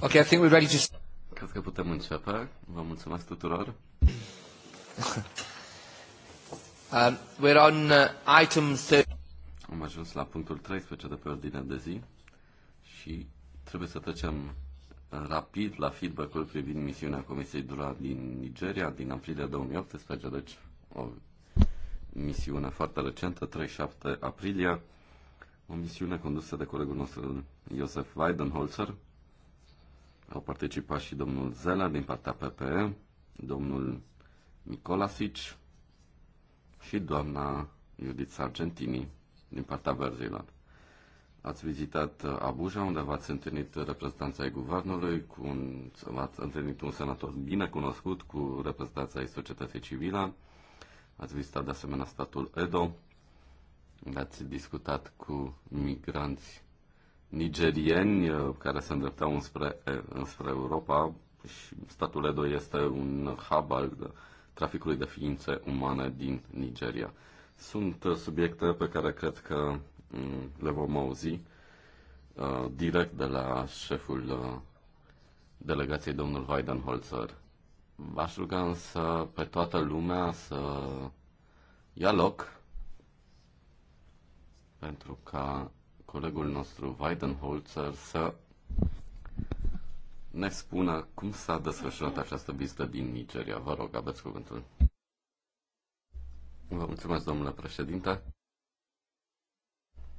Ok, I think we're ready to... Cred că putem începe. Vă mulțumesc tuturor. um, we're on uh, item 30. Am ajuns la punctul 13 de pe ordinea de zi și trebuie să trecem uh, rapid la feedback-ul privind misiunea Comisiei Dura din Nigeria din aprilie 2018, deci o misiune foarte recentă, 37 aprilie, o misiune condusă de colegul nostru Iosef Weidenholzer, au participat și domnul Zela din partea PPE, domnul Nicolasic și doamna Iudit Sargentini din partea verzilor. Ați vizitat uh, Abuja, unde v-ați întâlnit reprezentanța ai guvernului, cu un, v-ați întâlnit un senator bine cunoscut cu reprezentanța ai societății civile, ați vizitat de asemenea statul Edo, ați discutat cu migranți nigerieni uh, care se îndreptau înspre, înspre Europa și statul Edo este un hub al traficului de ființe umane din Nigeria. Sunt uh, subiecte pe care cred că mm, le vom auzi uh, direct de la șeful delegației, domnul Weidenholzer. V-aș ruga însă pe toată lumea să ia loc pentru că colegul nostru Weidenholzer să ne spună cum s-a desfășurat această vizită din Nigeria. Vă rog, aveți cuvântul. Vă mulțumesc, domnule președinte.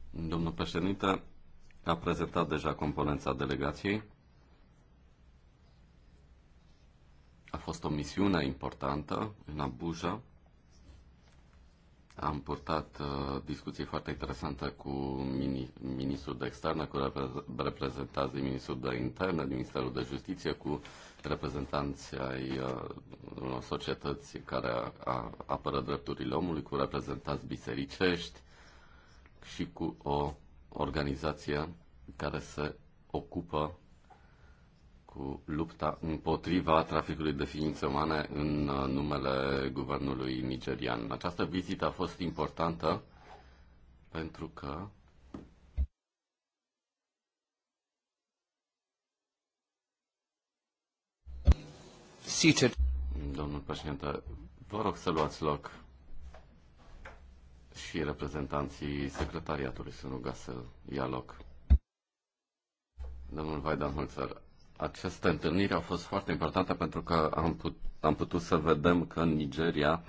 Domnul președinte a prezentat deja componența delegației. A fost o misiune importantă în Abuja, am purtat uh, discuții foarte interesante cu mini, ministrul de externe, cu reprezentanți din ministrul de interne, din Ministerul de Justiție, cu reprezentanți ai uh, unor societăți care a, a, apără drepturile omului, cu reprezentanți bisericești și cu o organizație care se ocupă cu lupta împotriva traficului de ființe umane în uh, numele guvernului nigerian. Această vizită a fost importantă pentru că Seated. Domnul președinte, vă rog să luați loc și reprezentanții secretariatului să nu să ia loc. Domnul Vaidan Holzer, această întâlnire a fost foarte importantă pentru că am, put, am putut să vedem că Nigeria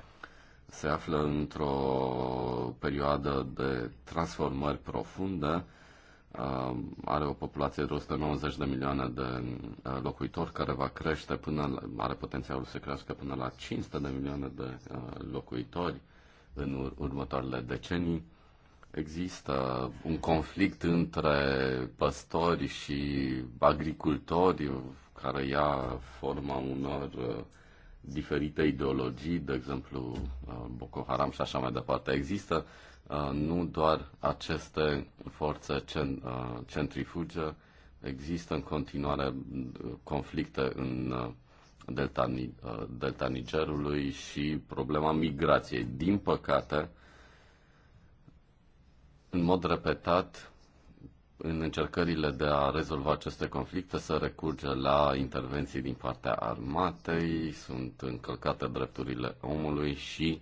se află într-o perioadă de transformări profunde. Um, are o populație de 190 de milioane de uh, locuitori care va crește până, are potențialul să crească până la 500 de milioane de uh, locuitori în următoarele decenii există un conflict între păstori și agricultori care ia forma unor uh, diferite ideologii, de exemplu uh, Boko Haram și așa mai departe. Există uh, nu doar aceste forțe centrifuge, există în continuare conflicte în delta, delta Nigerului și problema migrației. Din păcate, în mod repetat în încercările de a rezolva aceste conflicte se recurge la intervenții din partea armatei, sunt încălcate drepturile omului și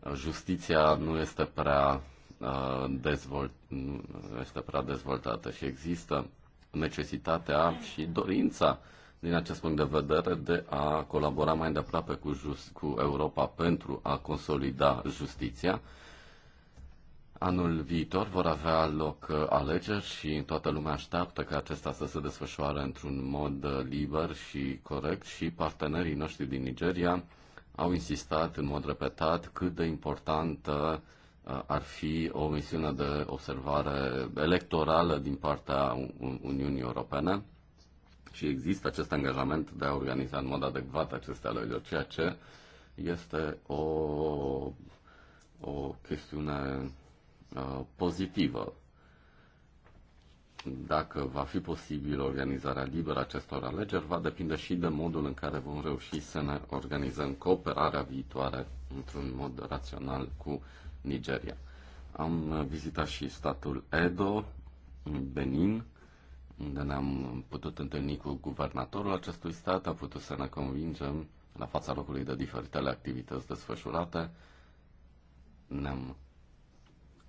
uh, justiția nu este prea, uh, dezvolt, nu este prea dezvoltată și există necesitatea și dorința din acest punct de vedere de a colabora mai îndeaproape cu, just, cu Europa pentru a consolida justiția Anul viitor vor avea loc uh, alegeri și toată lumea așteaptă ca acesta să se desfășoare într-un mod uh, liber și corect și partenerii noștri din Nigeria au insistat în mod repetat cât de importantă uh, ar fi o misiune de observare electorală din partea Uniunii Europene și există acest angajament de a organiza în mod adecvat aceste alegeri, ceea ce este o, o chestiune Uh, pozitivă. Dacă va fi posibil organizarea liberă acestor alegeri, va depinde și de modul în care vom reuși să ne organizăm cooperarea viitoare într-un mod rațional cu Nigeria. Am vizitat și statul Edo, Benin, unde ne-am putut întâlni cu guvernatorul acestui stat, a putut să ne convingem la fața locului de diferitele activități desfășurate. Ne-am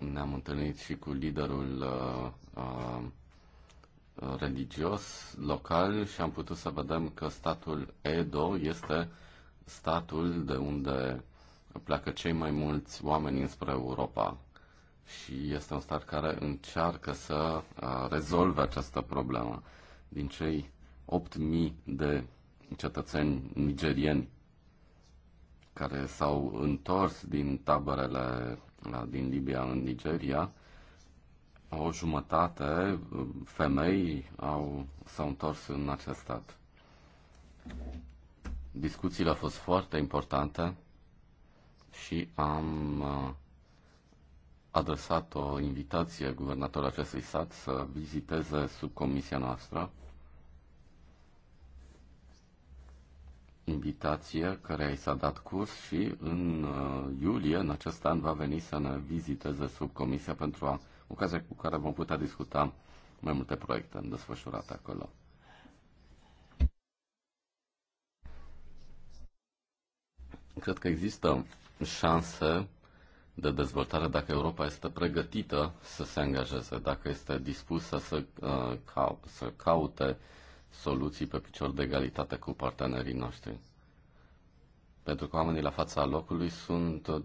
ne-am întâlnit și cu liderul uh, uh, religios local și am putut să vedem că statul Edo este statul de unde pleacă cei mai mulți oameni înspre Europa și este un stat care încearcă să uh, rezolve această problemă. Din cei 8.000 de cetățeni nigerieni care s-au întors din taberele din Libia în Nigeria, o jumătate uh, femei au, s-au întors în acest stat. Discuțiile au fost foarte importante și am uh, adresat o invitație guvernatorului acestui stat să viziteze subcomisia noastră invitație care i s-a dat curs și în uh, iulie, în acest an, va veni să ne viziteze sub comisia pentru a, ocazia cu care vom putea discuta mai multe proiecte desfășurate acolo. Cred că există șanse de dezvoltare dacă Europa este pregătită să se angajeze, dacă este dispusă să, uh, ca, să caute uh, soluții pe picior de egalitate cu partenerii noștri. Pentru că oamenii la fața locului sunt, uh,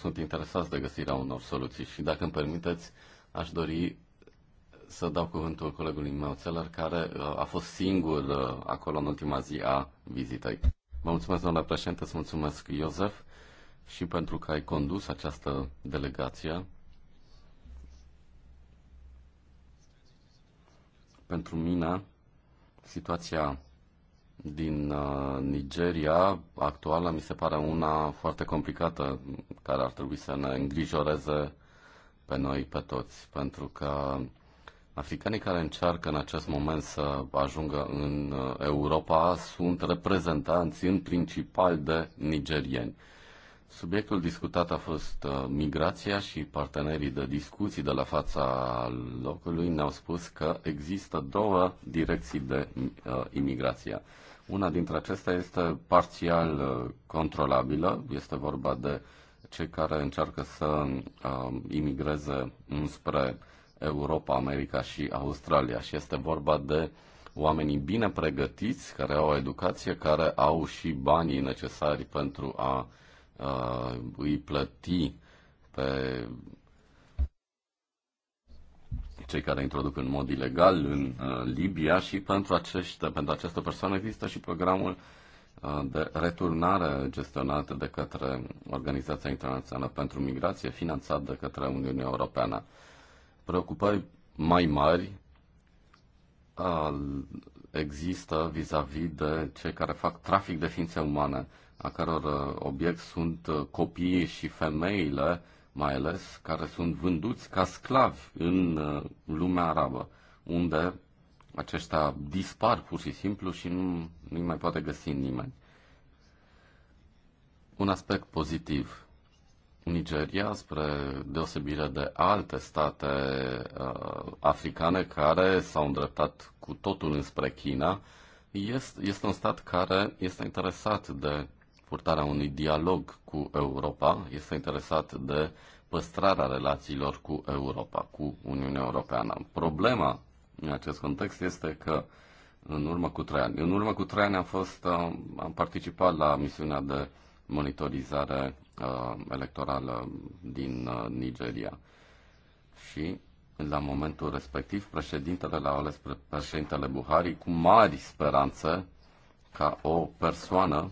sunt interesați de găsirea unor soluții. Și dacă îmi permiteți, aș dori să dau cuvântul colegului meu, Țeler, care uh, a fost singur uh, acolo în ultima zi a vizitei. Vă mulțumesc, domnule președinte, îți mulțumesc, Iosef, și pentru că ai condus această delegație. Pentru mine, Situația din uh, Nigeria actuală mi se pare una foarte complicată care ar trebui să ne îngrijoreze pe noi, pe toți, pentru că africanii care încearcă în acest moment să ajungă în uh, Europa sunt reprezentanți în principal de nigerieni. Subiectul discutat a fost uh, migrația și partenerii de discuții de la fața locului ne-au spus că există două direcții de uh, imigrație. Una dintre acestea este parțial uh, controlabilă, este vorba de cei care încearcă să uh, imigreze înspre Europa, America și Australia și este vorba de oamenii bine pregătiți, care au educație, care au și banii necesari pentru a uh, uh, îi plăti pe cei care introduc în mod ilegal în uh, Libia și pentru, acești, pentru aceste persoane există și programul uh, de returnare gestionat de către Organizația Internațională pentru Migrație, finanțat de către Uniunea Europeană. Preocupări mai mari uh, există vis-a-vis -vis de cei care fac trafic de ființe umane a căror uh, obiect sunt uh, copiii și femeile, mai ales, care sunt vânduți ca sclavi în uh, lumea arabă, unde aceștia dispar pur și simplu și nu, nu mai poate găsi nimeni. Un aspect pozitiv. Nigeria, spre deosebire de alte state uh, africane care s-au îndreptat cu totul înspre China, este, este un stat care este interesat de purtarea unui dialog cu Europa, este interesat de păstrarea relațiilor cu Europa, cu Uniunea Europeană. Problema în acest context este că în urmă cu trei ani. În urmă cu trei ani am, fost, uh, am participat la misiunea de monitorizare uh, electorală din uh, Nigeria. Și la momentul respectiv, președintele l-a ales președintele Buhari cu mari speranțe ca o persoană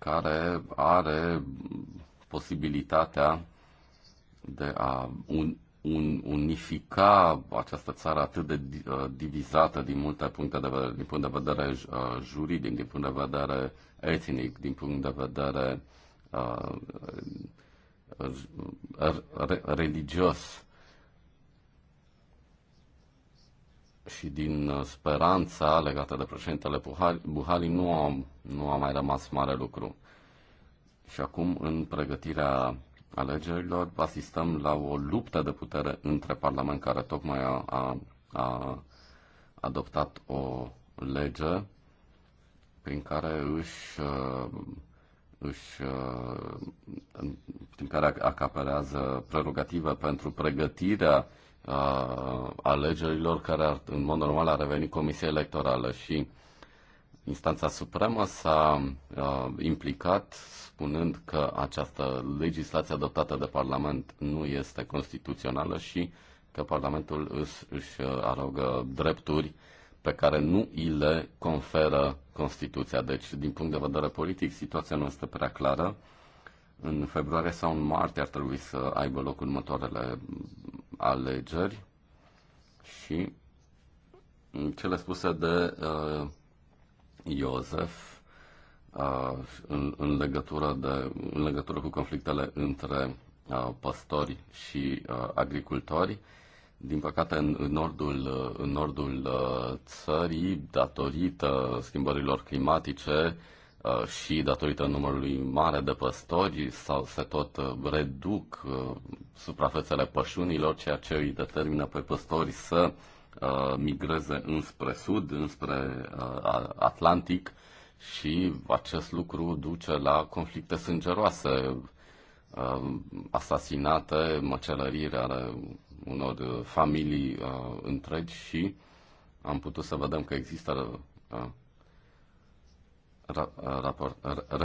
care are posibilitatea de a un, un, unifica această țară atât de uh, divizată din multe puncte de vedere, din punct de vedere uh, juridic, din punct de vedere etnic, din punct de vedere uh, religios. și din uh, speranța legată de președintele Buhari nu a, nu a mai rămas mare lucru. Și acum, în pregătirea alegerilor, asistăm la o luptă de putere între Parlament, care tocmai a, a, a adoptat o lege prin care își, uh, își uh, prin care acaperează prerogative pentru pregătirea a alegerilor care ar, în mod normal ar revenit Comisia Electorală și instanța supremă s-a uh, implicat spunând că această legislație adoptată de Parlament nu este constituțională și că Parlamentul își, își arogă drepturi pe care nu i le conferă Constituția. Deci, din punct de vedere politic, situația nu este prea clară. În februarie sau în martie ar trebui să aibă loc următoarele alegeri și cele spuse de uh, Iosef uh, în, în, legătură de, în legătură cu conflictele între uh, păstori și uh, agricultori. Din păcate, în, în nordul, în nordul uh, țării, datorită schimbărilor climatice, uh, Uh, și datorită numărului mare de păstori sau se tot uh, reduc uh, suprafețele pășunilor, ceea ce îi determină pe păstori să migreze înspre sud, înspre Atlantic și acest lucru duce la conflicte sângeroase, asasinate, măcelărire ale unor familii întregi și am putut să vedem că există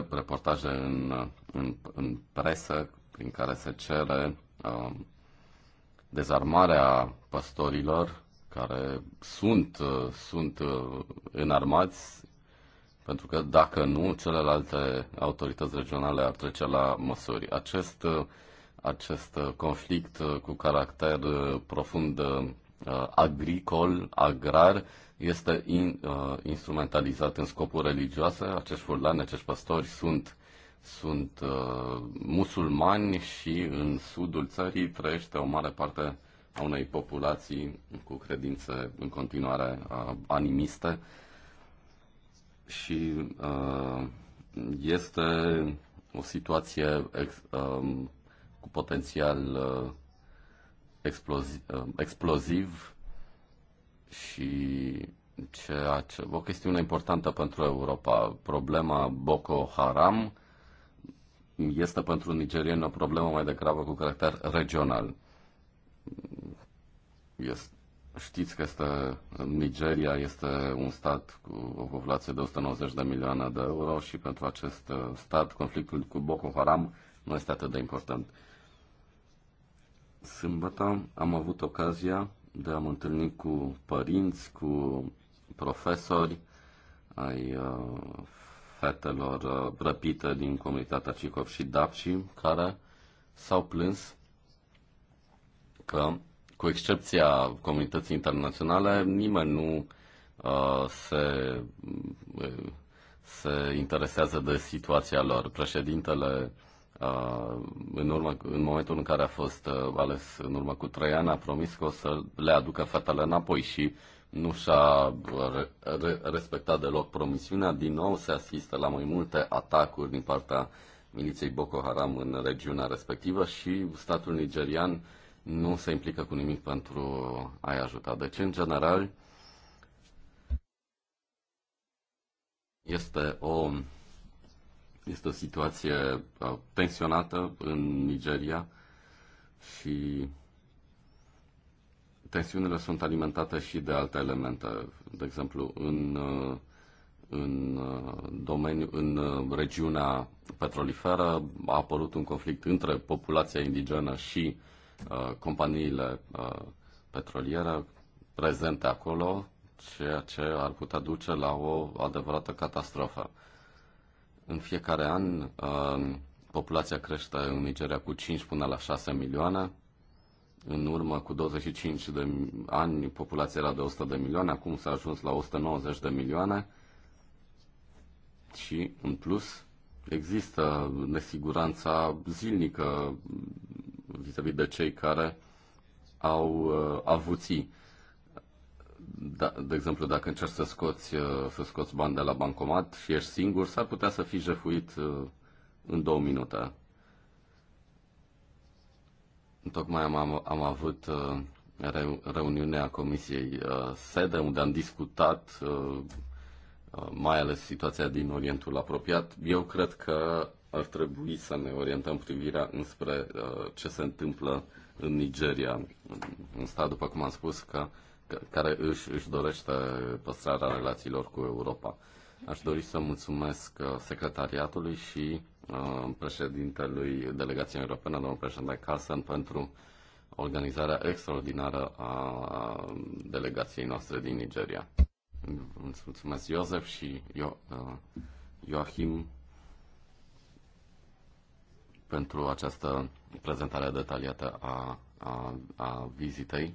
reportaje în, în, în presă prin care se cere um, dezarmarea păstorilor care sunt, sunt uh, înarmați, pentru că dacă nu, celelalte autorități regionale ar trece la măsuri. Acest, uh, acest uh, conflict cu caracter profund agricol, agrar, este in, uh, instrumentalizat în scopuri religioase. Acești furlani, acești păstori sunt, sunt uh, musulmani și în sudul țării trăiește o mare parte a unei populații cu credințe în continuare uh, animiste și uh, este o situație ex, uh, cu potențial uh, explozi, uh, exploziv și ceea ce, o chestiune importantă pentru Europa, problema Boko Haram este pentru nigerieni o problemă mai degrabă cu caracter regional. Este, știți că este, Nigeria este un stat cu o populație de 190 de milioane de euro și pentru acest uh, stat conflictul cu Boko Haram nu este atât de important. Sâmbătă am avut ocazia de a mă întâlni cu părinți, cu profesori ai uh, fetelor uh, răpite din comunitatea Cicop și Dapci, care s-au plâns că, cu excepția comunității internaționale, nimeni nu uh, se, uh, se interesează de situația lor. Președintele Uh, în, urmă, în momentul în care a fost uh, ales în urmă cu trei ani, a promis că o să le aducă fetele înapoi și nu și-a respectat deloc promisiunea. Din nou se asistă la mai multe atacuri din partea miliției Boko Haram în regiunea respectivă și statul nigerian nu se implică cu nimic pentru a-i ajuta. Deci, în general, este o este o situație uh, tensionată în Nigeria și tensiunile sunt alimentate și de alte elemente. De exemplu, în, uh, în, uh, domeniu, în regiunea petroliferă a apărut un conflict între populația indigenă și uh, companiile uh, petroliere prezente acolo, ceea ce ar putea duce la o adevărată catastrofă. În fiecare an, uh, populația crește în Nigeria cu 5 până la 6 milioane. În urmă, cu 25 de ani, populația era de 100 de milioane, acum s-a ajuns la 190 de milioane. Și, în plus, există nesiguranța zilnică vis-a-vis -vis de cei care au uh, avuții da, de exemplu, dacă încerci să scoți, uh, să scoți bani de la bancomat și ești singur, s-ar putea să fii jefuit uh, în două minute. Tocmai am, am avut uh, reuniunea Comisiei SEDE, unde am discutat mai ales situația din Orientul apropiat. Eu cred că ar trebui să ne orientăm privirea înspre ce se întâmplă în Nigeria, în stat, după cum am spus, că care își, își dorește păstrarea relațiilor cu Europa. Aș dori să mulțumesc uh, secretariatului și uh, președintelui Delegației Europene, domnul președinte Carlsen, pentru organizarea extraordinară a delegației noastre din Nigeria. Îți mulțumesc, Iosef și Io- uh, Joachim, pentru această prezentare detaliată a, a, a vizitei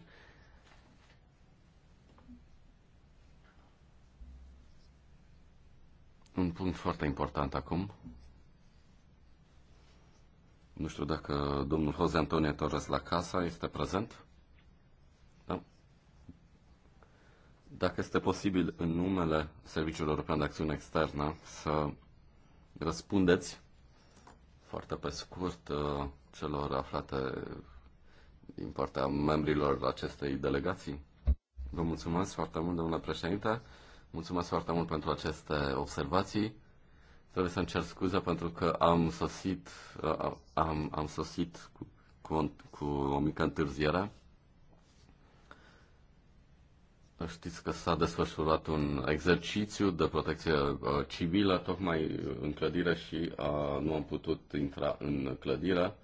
un punct foarte important acum. Nu știu dacă domnul Jose Antonio Torres la casa este prezent. Da? Dacă este posibil în numele Serviciului European de Acțiune Externă să răspundeți foarte pe scurt uh, celor aflate din partea membrilor acestei delegații. Vă mulțumesc foarte mult, domnule președinte. Mulțumesc foarte mult pentru aceste observații. Trebuie să-mi cer scuze pentru că am sosit, uh, am, am sosit cu, cu, cu o mică întârziere. Știți că s-a desfășurat un exercițiu de protecție uh, civilă tocmai în clădire și a, uh, nu am putut intra în clădire.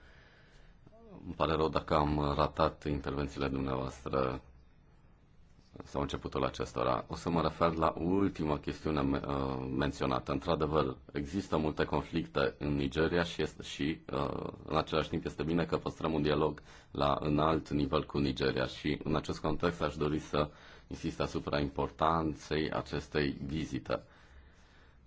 Îmi pare rău dacă am ratat intervențiile dumneavoastră sau începutul acestora. O să mă refer la ultima chestiune uh, menționată. Într-adevăr, există multe conflicte în Nigeria și, este, și uh, în același timp este bine că păstrăm un dialog la înalt nivel cu Nigeria și în acest context aș dori să insist asupra importanței acestei vizite.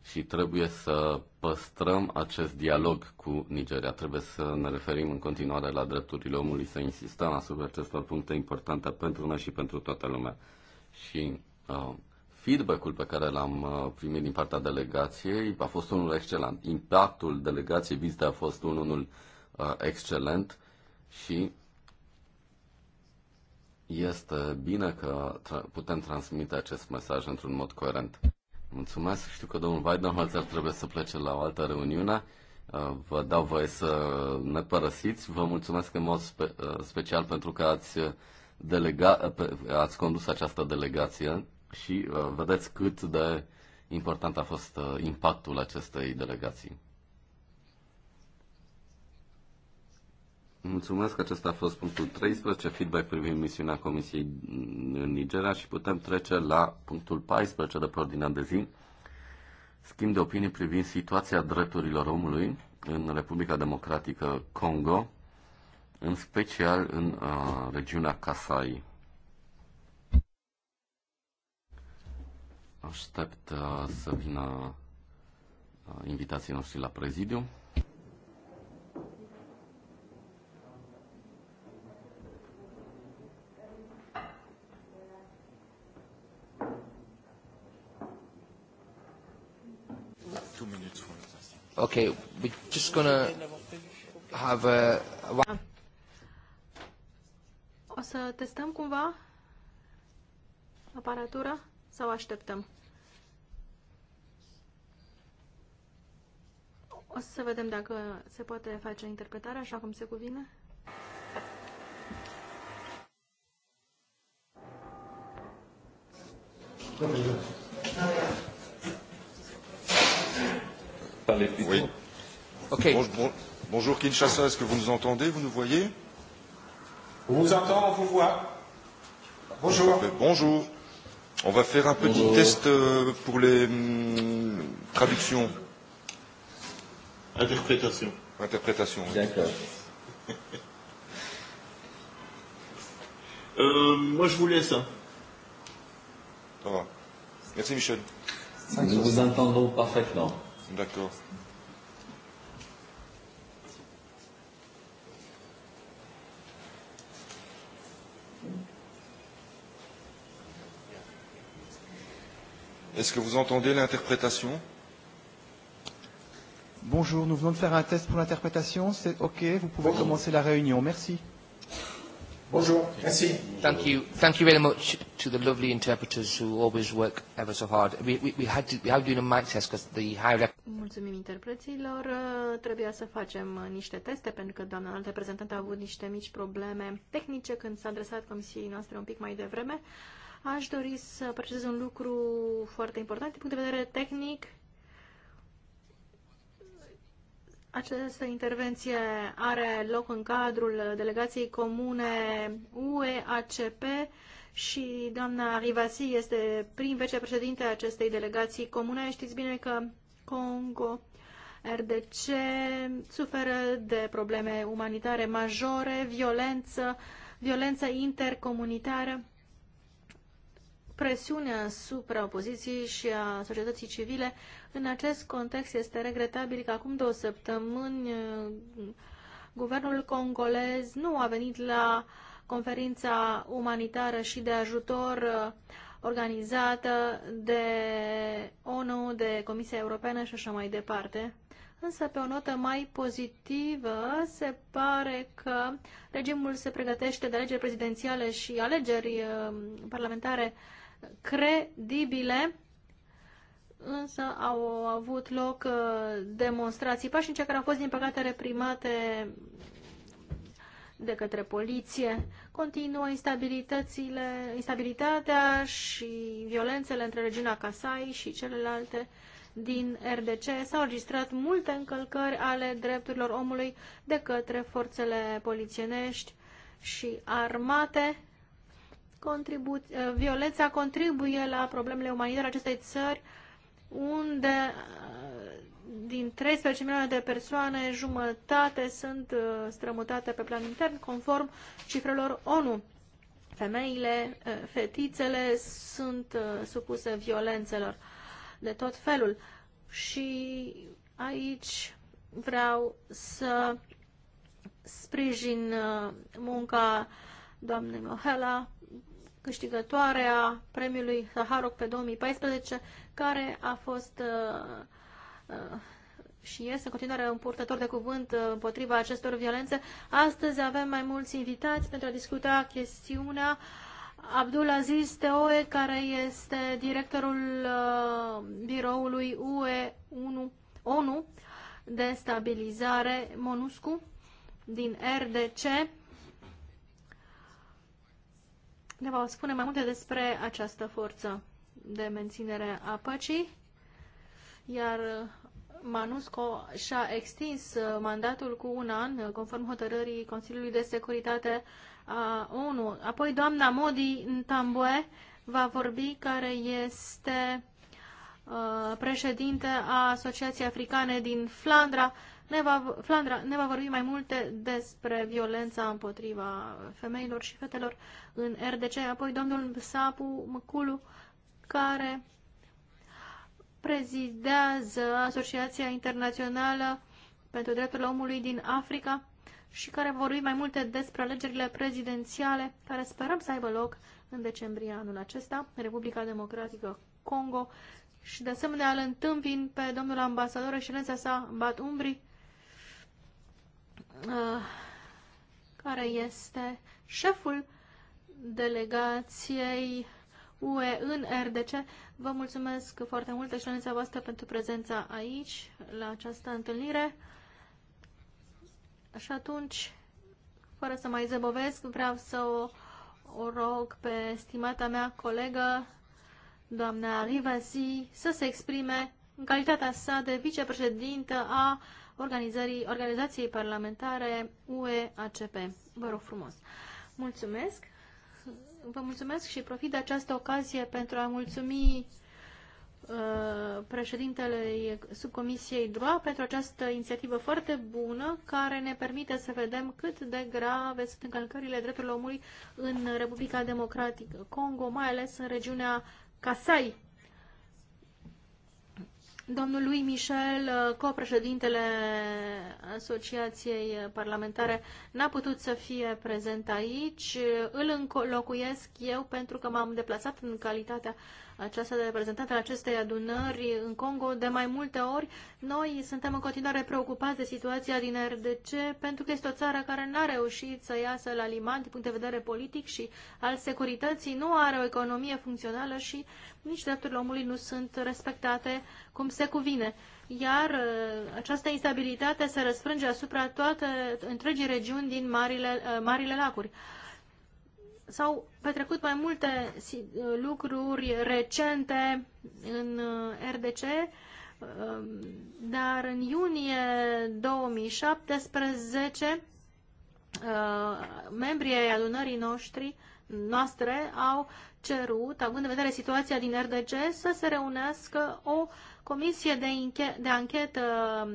Și trebuie să păstrăm acest dialog cu Nigeria. Trebuie să ne referim în continuare la drepturile omului, să insistăm asupra acestor puncte importante pentru noi și pentru toată lumea și uh, feedback-ul pe care l-am uh, primit din partea delegației a fost unul excelent. Impactul delegației vizite a fost unul uh, excelent și este bine că tra- putem transmite acest mesaj într-un mod coerent. Mulțumesc. Știu că domnul Weidenholz ar trebui să plece la o altă reuniune. Uh, vă dau voie să ne părăsiți. Vă mulțumesc în mod spe- uh, special pentru că ați delega- ați condus această delegație și uh, vedeți cât de important a fost uh, impactul acestei delegații. Mulțumesc, acesta a fost punctul 13, feedback privind misiunea Comisiei în Nigeria și putem trece la punctul 14 de pe ordinea de zi, schimb de opinii privind situația drepturilor omului în Republica Democratică Congo, în special în uh, regiunea Casai. Aștept uh, să vină uh, invitații noștri la prezidiu. Okay, we're just gonna have a testăm cumva aparatura sau așteptăm? O să vedem dacă se poate face interpretarea așa cum se cuvine. Oui. bon, Bonjour Kinshasa, est-ce que vous nous entendez, vous nous voyez On vous entend, on vous voit. Bonjour. Bonjour. On va faire un petit Bonjour. test euh, pour les mm, traductions. Interprétation. Interprétation. Oui. D'accord. euh, moi, je vous laisse. Ça va. Merci, Michel. Nous vous entendons parfaitement. D'accord. Est-ce que vous entendez l'interprétation Bonjour, nous venons de faire un test pour l'interprétation. C'est OK, vous pouvez Bonjour. commencer la réunion. Merci. Bonjour. Merci. Thank you. Thank you very much to the lovely interpreters who always work ever so hard. We, we, we had to we have to do a mic test because the high rep. Mulțumim interpreților. Trebuia să facem uh, niște teste pentru că doamna înalt reprezentant a avut niște mici probleme tehnice când s-a adresat comisiei noastre un pic mai devreme. Aș dori să precizez un lucru foarte important din punct de vedere tehnic. Această intervenție are loc în cadrul delegației comune UEACP și doamna Rivasi este prim vicepreședinte a acestei delegații comune. Știți bine că Congo RDC suferă de probleme umanitare majore, violență, violență intercomunitară presiune asupra opoziției și a societății civile. În acest context este regretabil că acum două săptămâni uh, guvernul congolez nu a venit la conferința umanitară și de ajutor uh, organizată de ONU, de Comisia Europeană și așa mai departe. Însă, pe o notă mai pozitivă, se pare că regimul se pregătește de alegeri prezidențiale și alegeri uh, parlamentare credibile, însă au avut loc uh, demonstrații pașnice care au fost, din păcate, reprimate de către poliție. Continuă instabilitățile, instabilitatea și violențele între regina Casai și celelalte din RDC. S-au registrat multe încălcări ale drepturilor omului de către forțele polițienești și armate Contribu- uh, violența contribuie la problemele umanitare acestei țări, unde uh, din 13 milioane de persoane, jumătate sunt uh, strămutate pe plan intern, conform cifrelor ONU. Femeile, fetițele sunt supuse violențelor de tot felul. Și aici vreau să sprijin munca doamnei Mohela a premiului Saharov pe 2014, care a fost uh, uh, și este în continuare un purtător de cuvânt uh, împotriva acestor violențe. Astăzi avem mai mulți invitați pentru a discuta chestiunea Abdul Aziz Teoe, care este directorul uh, biroului UE 1, ONU de stabilizare MONUSCU din RDC ne va spune mai multe despre această forță de menținere a păcii, iar MANUSCO și-a extins mandatul cu un an, conform hotărârii Consiliului de Securitate a ONU. Apoi doamna Modi Ntambue va vorbi, care este uh, președinte a Asociației Africane din Flandra ne va, Flandra ne va vorbi mai multe despre violența împotriva femeilor și fetelor în RDC, apoi domnul Sapu Măculu, care prezidează Asociația Internațională pentru Drepturile Omului din Africa și care vorbi mai multe despre alegerile prezidențiale care sperăm să aibă loc în decembrie anul acesta Republica Democratică Congo și de asemenea îl întâmpin pe domnul ambasador, excelența sa, Bat Umbri, Ah, care este șeful delegației UE în RDC. Vă mulțumesc foarte mult, excelența voastră, pentru prezența aici, la această întâlnire. Și atunci, fără să mai zăbovesc, vreau să o, o rog pe stimata mea colegă, doamna Rivasi, să se exprime în calitatea sa de vicepreședintă a organizării, organizației parlamentare UE-ACP. Vă rog frumos! Mulțumesc! Vă mulțumesc și profit de această ocazie pentru a mulțumi uh, președintele subcomisiei DROA pentru această inițiativă foarte bună care ne permite să vedem cât de grave sunt încălcările drepturilor omului în Republica Democratică Congo, mai ales în regiunea Kasai domnul lui Michel, uh, copreședintele Asociației Parlamentare, n-a putut să fie prezent aici. Îl înlocuiesc eu pentru că m-am deplasat în calitatea aceasta de reprezentant al acestei adunări în Congo de mai multe ori. Noi suntem în continuare preocupați de situația din RDC pentru că este o țară care n-a reușit să iasă la liman din punct de vedere politic și al securității, nu are o economie funcțională și nici drepturile omului nu sunt respectate cum se cuvine. Iar uh, această instabilitate se răsfrânge asupra toate întregii regiuni din Marile, uh, Marile Lacuri. S-au petrecut mai multe uh, lucruri recente în RDC, um, dar în iunie 2017 membrii ai adunării noștri noastre au cerut, având în vedere situația din RDC, să se reunească o comisie de, de anchetă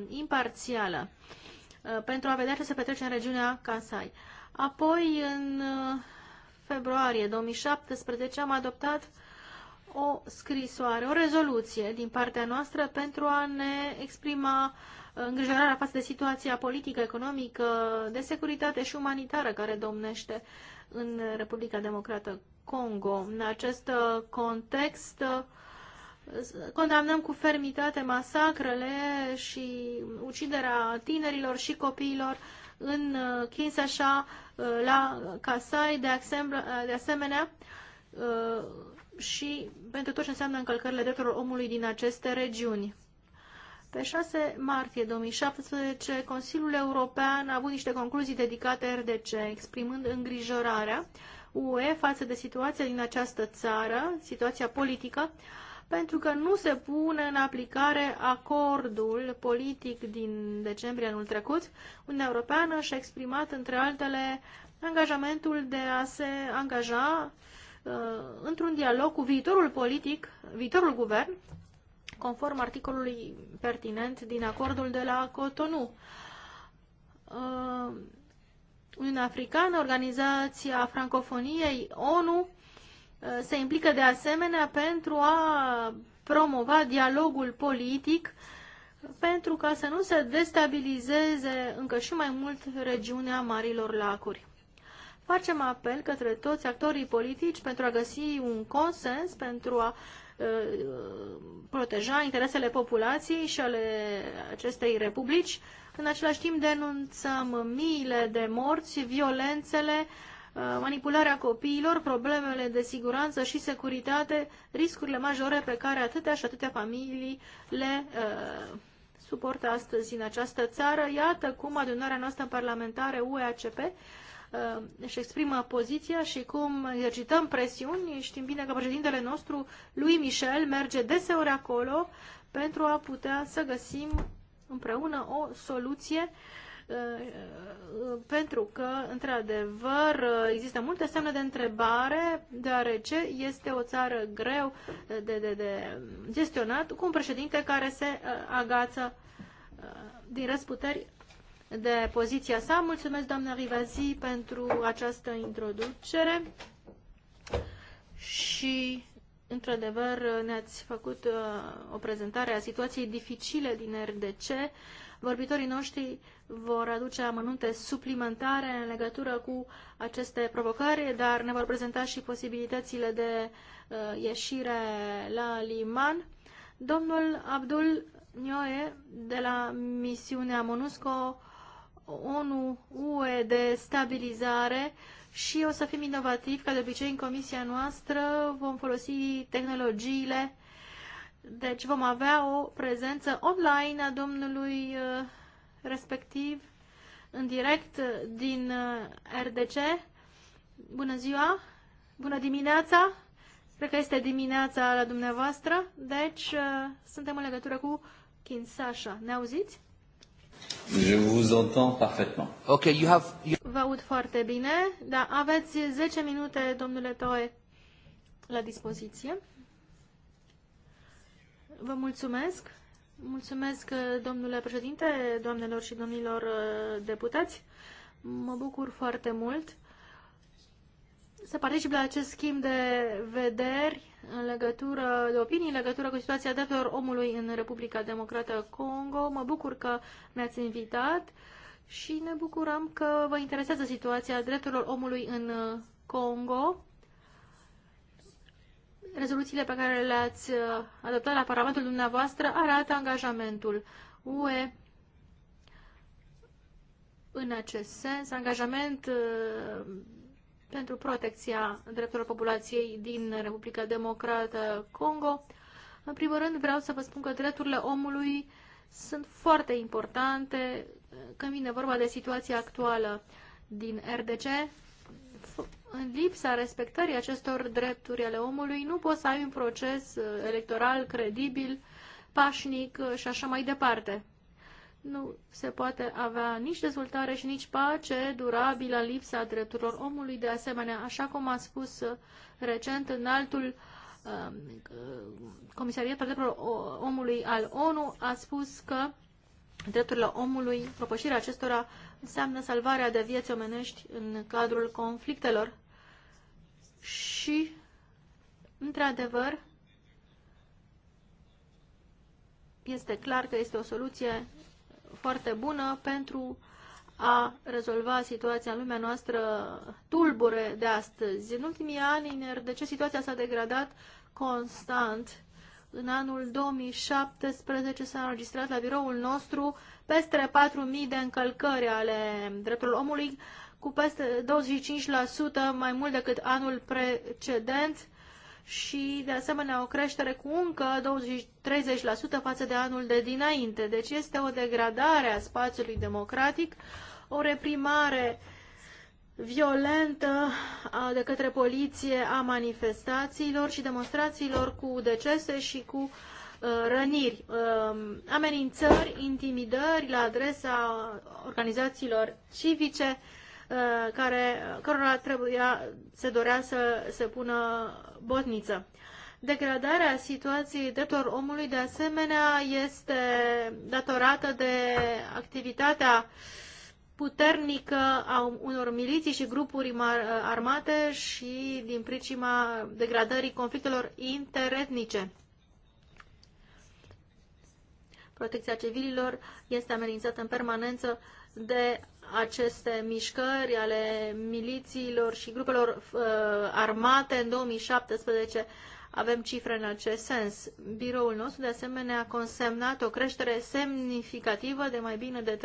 imparțială uh, pentru a vedea ce se petrece în regiunea Kansai. Apoi, în uh, februarie 2017, am adoptat o scrisoare, o rezoluție din partea noastră pentru a ne exprima uh, îngrijorarea față de situația politică, economică, de securitate și umanitară care domnește în Republica Democrată Congo. În acest context, Condamnăm cu fermitate masacrele și uciderea tinerilor și copiilor în uh, Kinshasa, uh, la Kasai, de, uh, de asemenea, și pentru tot ce înseamnă încălcările drepturilor omului din aceste regiuni. Pe 6 martie 2017, Consiliul European a avut niște concluzii dedicate RDC, exprimând îngrijorarea UE față de situația din această țară, situația politică, uh, pentru că nu se pune în aplicare acordul politic din decembrie anul trecut. Uniunea Europeană și-a exprimat, între altele, angajamentul de a se angaja uh, într-un dialog cu viitorul politic, viitorul guvern, conform articolului pertinent din acordul de la Cotonou. Uh, Uniunea Africană, Organizația Francofoniei, ONU, Uh, se implică de asemenea pentru a promova dialogul politic pentru ca să nu se destabilizeze încă și mai mult regiunea Marilor Lacuri. Facem apel către toți actorii politici pentru a găsi un consens, pentru a uh, proteja interesele populației și ale acestei republici. În același timp denunțăm miile de morți, violențele, uh, Uh, manipularea copiilor, problemele de siguranță și securitate, riscurile majore pe care atâtea și atâtea familii le uh, suportă astăzi în această țară. Iată cum adunarea noastră parlamentară UEACP uh, își exprimă poziția și cum exercităm presiuni. Știm bine că președintele nostru, lui Michel, merge deseori acolo pentru a putea să găsim împreună o soluție uh, Uh, uh, pentru că, într-adevăr, uh, există multe semne de întrebare, deoarece este o țară greu de, de, de gestionat, cu un președinte care se agață din răsputeri de poziția sa. Mulțumesc, doamna Rivazi, pentru această introducere și, într-adevăr, ne-ați făcut o prezentare a situației dificile din RDC Vorbitorii noștri vor aduce amănunte suplimentare în legătură cu aceste provocări, dar ne vor prezenta și posibilitățile de uh, ieșire la liman. Domnul Abdul Nioe de la misiunea MONUSCO ONU UE de stabilizare și o să fim inovativi, ca de obicei în comisia noastră vom folosi tehnologiile deci vom avea o prezență online a domnului uh, respectiv în direct uh, din uh, RDC. Bună ziua! Bună dimineața! Cred că este dimineața la dumneavoastră, deci suntem în legătură cu Kinsasha. Ne auziți? Je vous entends parfaitement. Ok, you have... You... Vă aud foarte bine, dar aveți 10 minute, domnule Toe, la dispoziție. Vă mulțumesc. Mulțumesc, domnule președinte, doamnelor și domnilor uh, deputați. Mă bucur foarte mult să particip la acest schimb de vederi în legătură, de opinii în legătură cu situația drepturilor omului în Republica Democrată Congo. Mă bucur că mi-ați invitat și ne bucurăm că vă interesează situația drepturilor omului în uh, Congo rezoluțiile pe care le-ați uh, adoptat la Parlamentul dumneavoastră arată angajamentul UE în acest sens, angajament uh, pentru protecția drepturilor populației din Republica Democrată Congo. În primul rând vreau să vă spun că drepturile omului sunt foarte importante uh, când vine vorba de situația actuală din RDC în lipsa respectării acestor drepturi ale omului, nu poți să ai un proces uh, electoral credibil, pașnic uh, și așa mai departe. Nu se poate avea nici dezvoltare și nici pace durabilă în lipsa drepturilor omului. De asemenea, așa cum a spus uh, recent în altul um, Comisariat pentru Drepturile Omului al ONU, a spus că drepturile omului, propășirea acestora, înseamnă salvarea de vieți omenești în cadrul conflictelor și, într-adevăr, este clar că este o soluție foarte bună pentru a rezolva situația în lumea noastră tulbure de astăzi. În ultimii ani, de ce situația s-a degradat constant? În anul 2017 s-a înregistrat la biroul nostru peste 4.000 de încălcări ale drepturilor omului, cu peste 25% mai mult decât anul precedent și, de asemenea, o creștere cu încă 20-30% față de anul de dinainte. Deci este o degradare a spațiului democratic, o reprimare violentă de către poliție a manifestațiilor și demonstrațiilor cu decese și cu uh, răniri, um, amenințări, intimidări la adresa organizațiilor civice, Uh, care, cărora trebuia, se dorea să se pună botniță. Degradarea situației drepturilor omului, de asemenea, este datorată de activitatea puternică a unor miliții și grupuri armate și din pricima degradării conflictelor interetnice. Protecția civililor este amenințată în permanență de aceste mișcări ale milițiilor și grupelor uh, armate în 2017 avem cifre în acest sens. Biroul nostru, de asemenea, a consemnat o creștere semnificativă de mai bine de 300%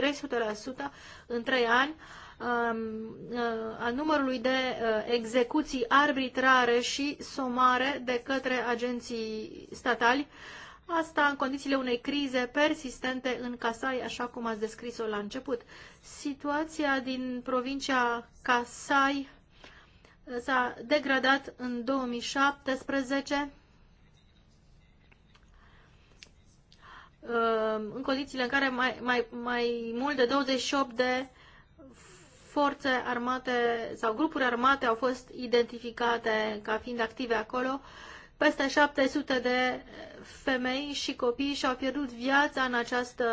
în trei ani um, uh, a numărului de uh, execuții arbitrare și somare de către agenții statali Asta în condițiile unei crize persistente în Kasai, așa cum ați descris-o la început. Situația din provincia Kasai s-a degradat în 2017 uh, în condițiile în care mai, mai, mai mult de 28 de forțe armate sau grupuri armate au fost identificate ca fiind active acolo peste 700 de femei și copii și-au pierdut viața în această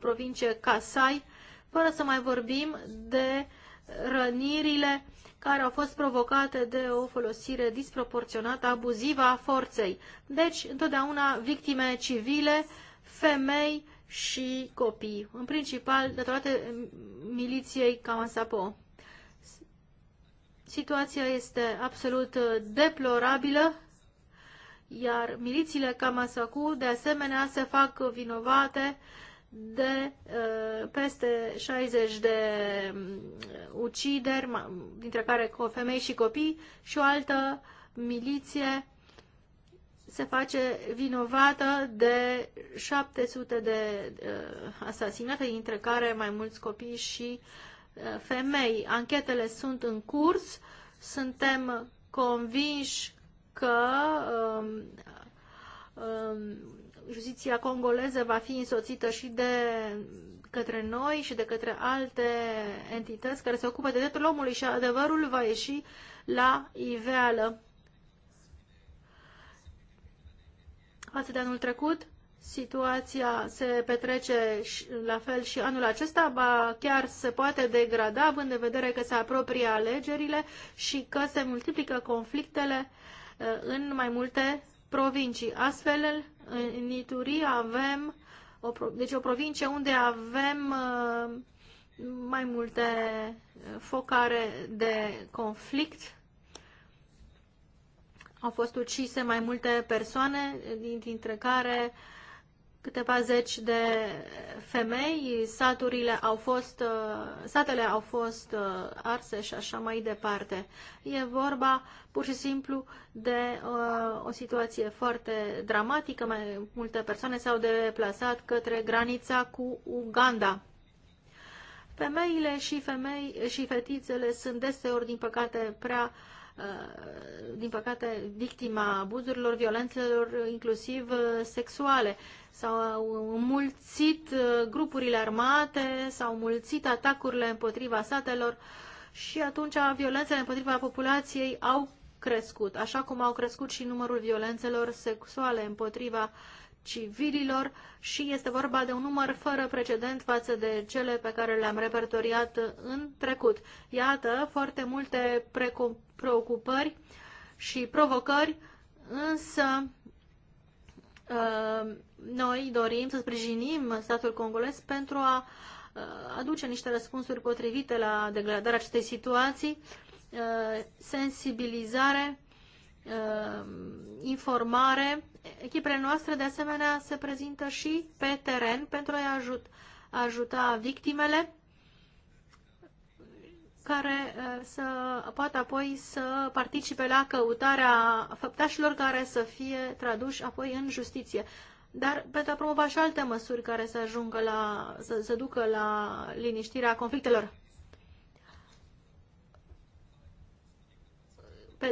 provincie Kasai, fără să mai vorbim de rănirile care au fost provocate de o folosire disproporționată, abuzivă a forței. Deci, întotdeauna victime civile, femei și copii, în principal datorate miliției Kamasapo. Situația este absolut deplorabilă iar milițiile Kamasaku de asemenea se fac vinovate de peste 60 de mm, ucideri, dintre care femei și copii, și o altă miliție se face vinovată de 700 de asasinate, dintre care mai mulți copii și femei. Anchetele sunt în curs, suntem convinși că um, um, justiția congoleză va fi însoțită și de către noi și de către alte entități care se ocupă de dreptul omului și adevărul va ieși la iveală. Față de anul trecut, situația se petrece la fel și anul acesta, ba chiar se poate degrada, având în vedere că se apropie alegerile și că se multiplică conflictele uh, Uh, în mai multe provincii. Astfel, în Ituri avem o, deci o provincie unde avem uh, mai multe uh, focare de conflict. Au fost ucise mai multe persoane, dintre care câteva zeci de femei, saturile au fost, uh, satele au fost uh, arse și așa mai departe. E vorba pur și simplu de o, uh, o situație foarte dramatică. Mai multe persoane s-au deplasat către granița cu Uganda. Femeile și, femei, și fetițele sunt deseori, din păcate, prea uh, Uh, din păcate, victima abuzurilor, violențelor, inclusiv uh, sexuale. S-au mulțit uh, grupurile armate, s-au mulțit atacurile împotriva satelor și atunci violențele împotriva populației au crescut, așa cum au crescut și numărul violențelor sexuale împotriva civililor și este vorba de un număr fără precedent față de cele pe care le-am repertoriat în trecut. Iată, foarte multe preocupări și provocări, însă uh, noi dorim să sprijinim statul congolez pentru a uh, aduce niște răspunsuri potrivite la degradarea acestei situații, uh, sensibilizare uh, informare. Echipele noastre, de asemenea, se prezintă și pe teren pentru a-i ajut, ajuta victimele care uh, să poată apoi să participe la căutarea făptașilor care să fie traduși apoi în justiție. Dar pentru a promova și alte măsuri care să ajungă la, să, să ducă la liniștirea conflictelor.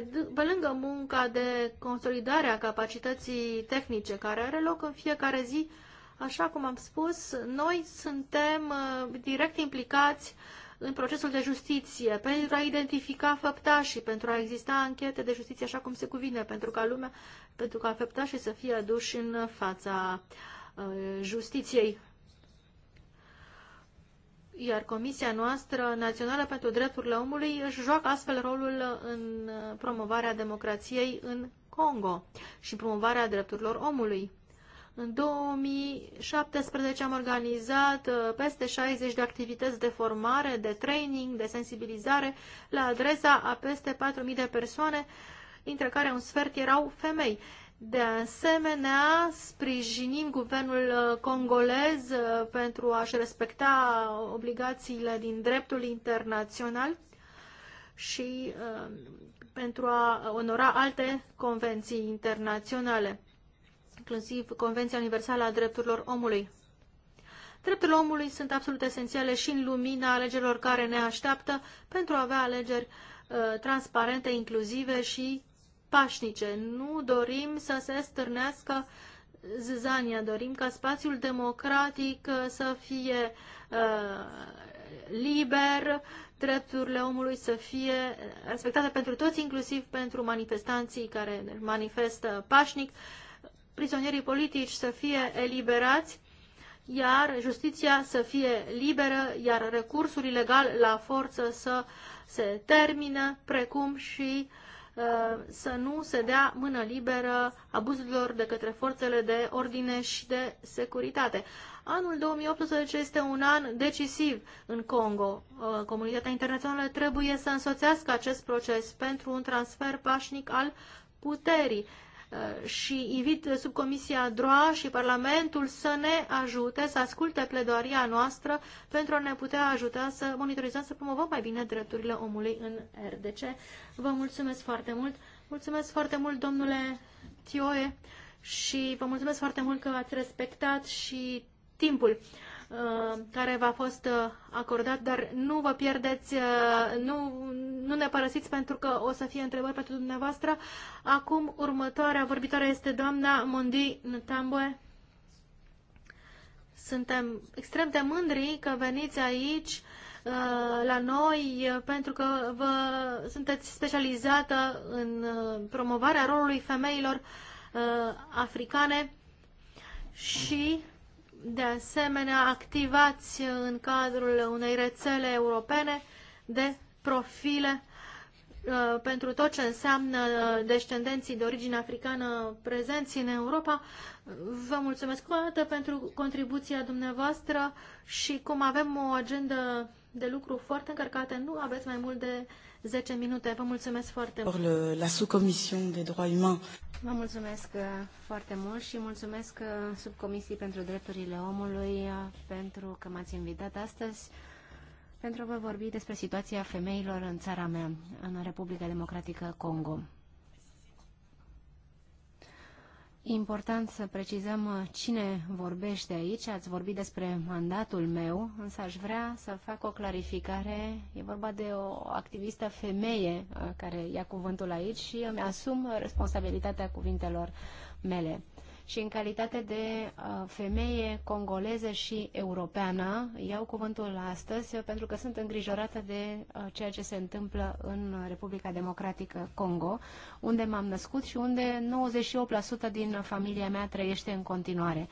Pe, pe lângă munca de consolidare a capacității tehnice care are loc în fiecare zi, așa cum am spus, noi suntem uh, direct implicați în procesul de justiție, pentru a identifica făptașii, pentru a exista anchete de justiție așa cum se cuvine, pentru ca lumea, pentru ca făptașii să fie aduși în fața uh, justiției iar Comisia noastră Națională pentru Drepturile Omului își joacă astfel rolul în promovarea democrației în Congo și promovarea drepturilor omului. În 2017 am organizat uh, peste 60 de activități de formare, de training, de sensibilizare la adresa a peste 4.000 de persoane, dintre care un sfert erau femei. De asemenea, sprijinim guvernul uh, congolez uh, pentru a-și respecta obligațiile din dreptul internațional și uh, pentru a onora alte convenții internaționale, inclusiv Convenția Universală a Drepturilor Omului. Drepturile omului sunt absolut esențiale și în lumina alegerilor care ne așteaptă pentru a avea alegeri uh, transparente, inclusive și pașnice. Nu dorim să se stârnească zizania, dorim ca spațiul democratic uh, să fie uh, liber, drepturile omului să fie respectate pentru toți, inclusiv pentru manifestanții care manifestă pașnic, prizonierii politici să fie eliberați, iar justiția să fie liberă, iar recursul ilegal la forță să se termină, precum și uh, Uh, să nu se dea mână liberă abuzurilor de către forțele de ordine și de securitate. Anul 2018 este un an decisiv în Congo. Uh, comunitatea internațională trebuie să însoțească acest proces pentru un transfer pașnic al puterii. Uh, și invit subcomisia DROA și Parlamentul să ne ajute să asculte pledoaria noastră pentru a ne putea ajuta să monitorizăm, să promovăm mai bine drepturile omului în RDC. Vă mulțumesc foarte mult! Mulțumesc foarte mult, domnule Tioe, și vă mulțumesc foarte mult că ați respectat și timpul. Uh, care v-a fost uh, acordat, dar nu vă pierdeți, uh, nu, nu ne părăsiți pentru că o să fie întrebări pentru dumneavoastră. Acum, următoarea vorbitoare este doamna Mondi Ntambue. Suntem extrem de mândri că veniți aici la noi pentru că vă sunteți specializată în promovarea rolului femeilor africane și de asemenea activați în cadrul unei rețele europene de profile uh, pentru tot ce înseamnă uh, descendenții de origine africană prezenți în Europa. Vă mulțumesc o dată pentru contribuția dumneavoastră și cum avem o agendă de lucru foarte încărcate. Nu aveți mai mult de 10 minute. Vă mulțumesc foarte mult. La subcomisiune de droit uman. Vă mulțumesc uh, foarte mult și mulțumesc uh, subcomisii pentru drepturile omului uh, pentru că m-ați invitat astăzi pentru a vă vorbi despre situația femeilor în țara mea, în Republica Democratică Congo important să precizăm uh, cine vorbește aici. Ați vorbit despre mandatul meu, însă aș vrea să fac o clarificare. E vorba de o activistă femeie uh, care ia cuvântul aici și îmi asum uh, responsabilitatea cuvintelor mele și în calitate de uh, femeie congoleză și europeană iau cuvântul astăzi pentru că sunt îngrijorată de uh, ceea ce se întâmplă în Republica Democratică Congo, unde m-am născut și unde 98% din familia mea trăiește în continuare.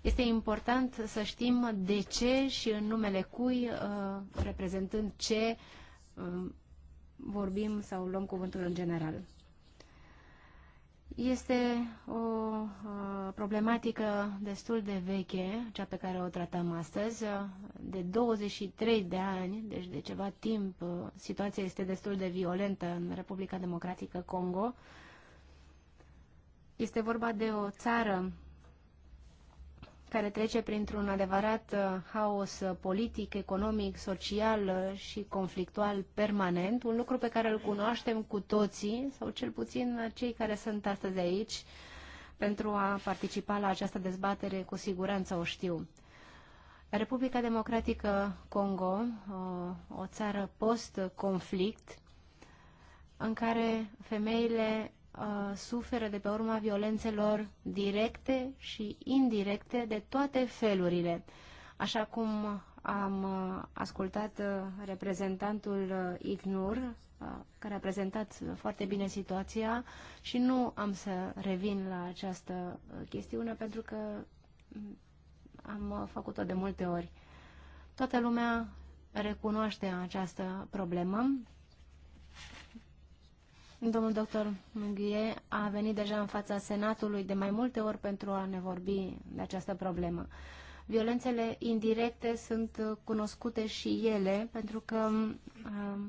Este important să știm de ce și în numele cui, uh, reprezentând ce, um, vorbim sau luăm cuvântul în general. Este o problematică destul de veche, cea pe care o tratăm astăzi, de 23 de ani, deci de ceva timp, situația este destul de violentă în Republica Democratică Congo. Este vorba de o țară care trece printr-un adevărat uh, haos politic, economic, social uh, și conflictual permanent, un lucru pe care îl cunoaștem cu toții, sau cel puțin uh, cei care sunt astăzi aici, pentru a participa la această dezbatere, cu siguranță o știu. Republica Democratică Congo, o, o țară post-conflict, în care femeile Uh, suferă de pe urma violențelor directe și indirecte de toate felurile. Așa cum am uh, ascultat uh, reprezentantul IGNUR, care a prezentat foarte bine situația și nu am să revin la această chestiune pentru că mm, am făcut-o de multe ori. Toată lumea recunoaște această problemă Domnul doctor Mughie a venit deja în fața Senatului de mai multe ori pentru a ne vorbi de această problemă. Violențele indirecte sunt cunoscute și ele, pentru că uh,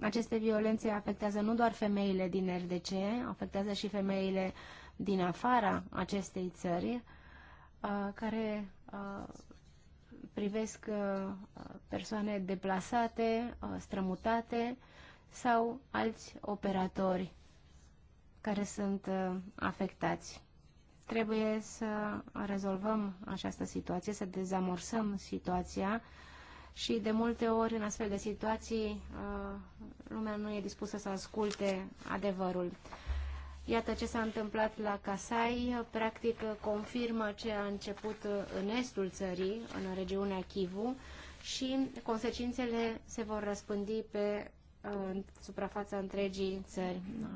aceste violențe afectează nu doar femeile din RDC, afectează și femeile din afara acestei țări, uh, care uh, privesc uh, persoane deplasate, uh, strămutate sau alți operatori care sunt uh, afectați. Trebuie să rezolvăm această situație, să dezamorsăm situația și de multe ori în astfel de situații lumea nu e dispusă să asculte adevărul. Iată ce s-a întâmplat la Casai, practic confirmă ce a început în estul țării, în regiunea Kivu, și consecințele se vor răspândi pe uh, suprafața întregii țări. Uh,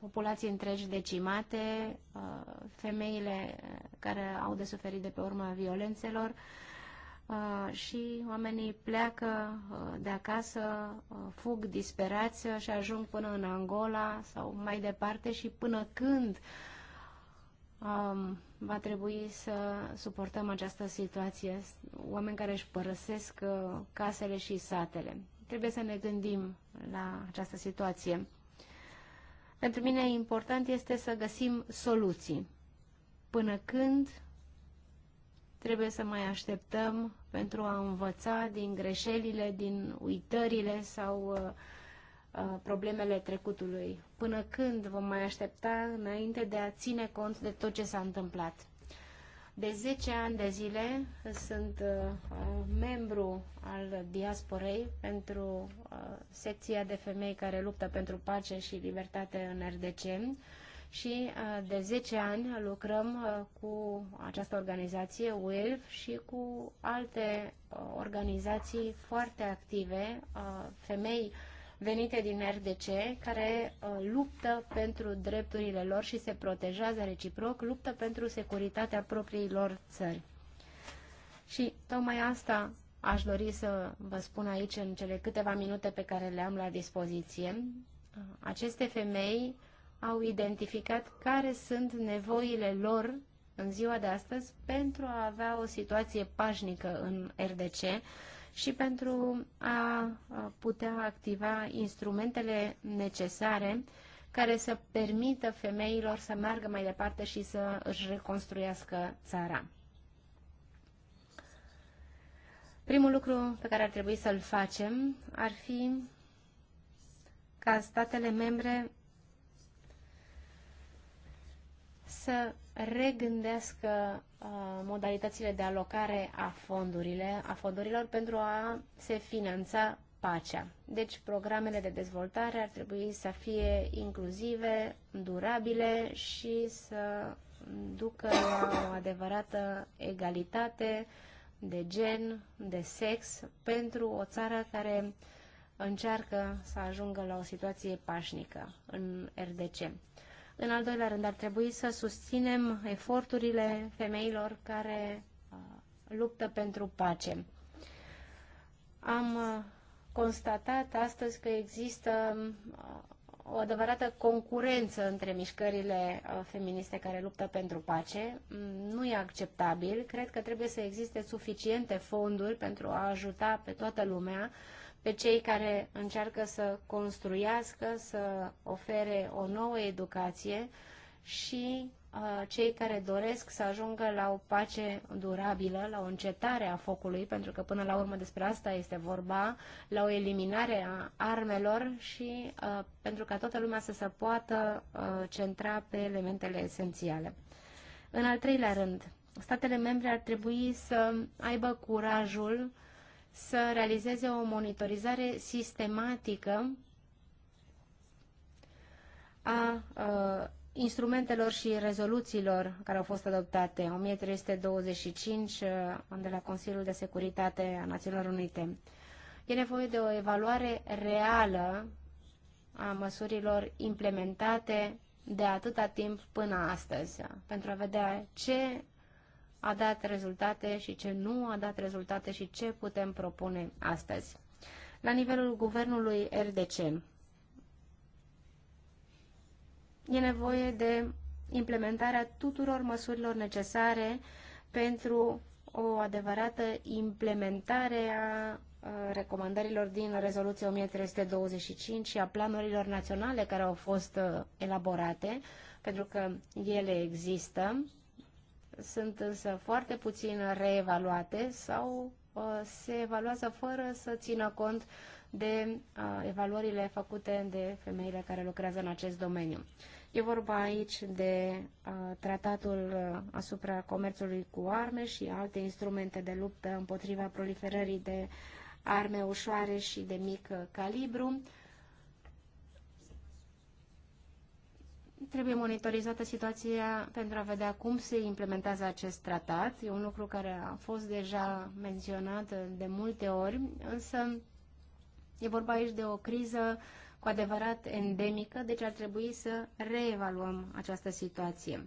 populații întregi decimate, uh, femeile care au de suferit de pe urma violențelor, uh, Uh, și oamenii pleacă uh, de acasă, uh, fug disperați și ajung până în Angola sau mai departe și până când um, va trebui să suportăm această situație, oameni care își părăsesc casele și satele. Trebuie să ne gândim la această situație. Pentru mine important este să găsim soluții. Până când Trebuie să mai așteptăm pentru a învăța din greșelile, din uitările sau uh, uh, problemele trecutului. Până când vom mai aștepta înainte de a ține cont de tot ce s-a întâmplat? De 10 ani de zile sunt uh, membru al diasporei pentru uh, secția de femei care luptă pentru pace și libertate în RDC și uh, de 10 ani lucrăm uh, cu această organizație, WILF, și cu alte uh, organizații foarte active, femei venite din RDC, care luptă pentru drepturile lor și se protejează reciproc, luptă pentru securitatea propriilor țări. Și tocmai asta aș dori să vă spun aici în cele câteva minute pe care le am la dispoziție. Aceste femei au identificat care sunt nevoile lor în ziua de astăzi pentru a avea o situație pașnică în RDC și pentru a putea activa instrumentele necesare care să permită femeilor să meargă mai departe și să își reconstruiască țara. Primul lucru pe care ar trebui să-l facem ar fi ca statele membre să regândească uh, modalitățile de alocare a fondurile, a fondurilor pentru a se finanța pacea. Deci programele de dezvoltare ar trebui să fie inclusive, durabile și să ducă la o adevărată egalitate de gen, de sex pentru o țară care încearcă să ajungă la o situație pașnică în RDC. În al doilea rând, ar trebui să susținem eforturile femeilor care uh, luptă pentru pace. Am uh, constatat astăzi că există uh, o adevărată concurență între mișcările feministe care luptă pentru pace. Mm, nu e acceptabil. Cred că trebuie să existe suficiente fonduri pentru a ajuta pe toată lumea pe cei care încearcă să construiască, să ofere o nouă educație și uh, cei care doresc să ajungă la o pace durabilă, la o încetare a focului, pentru că până la urmă despre asta este vorba, la o eliminare a armelor și uh, pentru ca toată lumea să se poată uh, centra pe elementele esențiale. În al treilea rând, statele membre ar trebui să aibă curajul uh, să realizeze o monitorizare sistematică a, instrumentelor și rezoluțiilor care au fost adoptate, 1325 de la Consiliul de Securitate a Națiunilor Unite. E nevoie de o evaluare reală a măsurilor implementate de atâta timp până astăzi, pentru a vedea ce a dat rezultate și ce nu a dat rezultate și ce putem propune astăzi. La nivelul guvernului RDC e nevoie de implementarea tuturor măsurilor necesare pentru o adevărată implementare a recomandărilor din rezoluția 1325 și a planurilor naționale care au fost elaborate, pentru că ele există sunt însă foarte puțin reevaluate sau uh, se evaluează fără să țină cont de uh, evaluările făcute de femeile care lucrează în acest domeniu. E vorba aici de uh, tratatul asupra comerțului cu arme și alte instrumente de luptă împotriva proliferării de arme ușoare și de mic calibru, Trebuie monitorizată situația pentru a vedea cum se implementează acest tratat. E un lucru care a fost deja menționat de multe ori, însă e vorba aici de o criză cu adevărat endemică, deci ar trebui să reevaluăm această situație.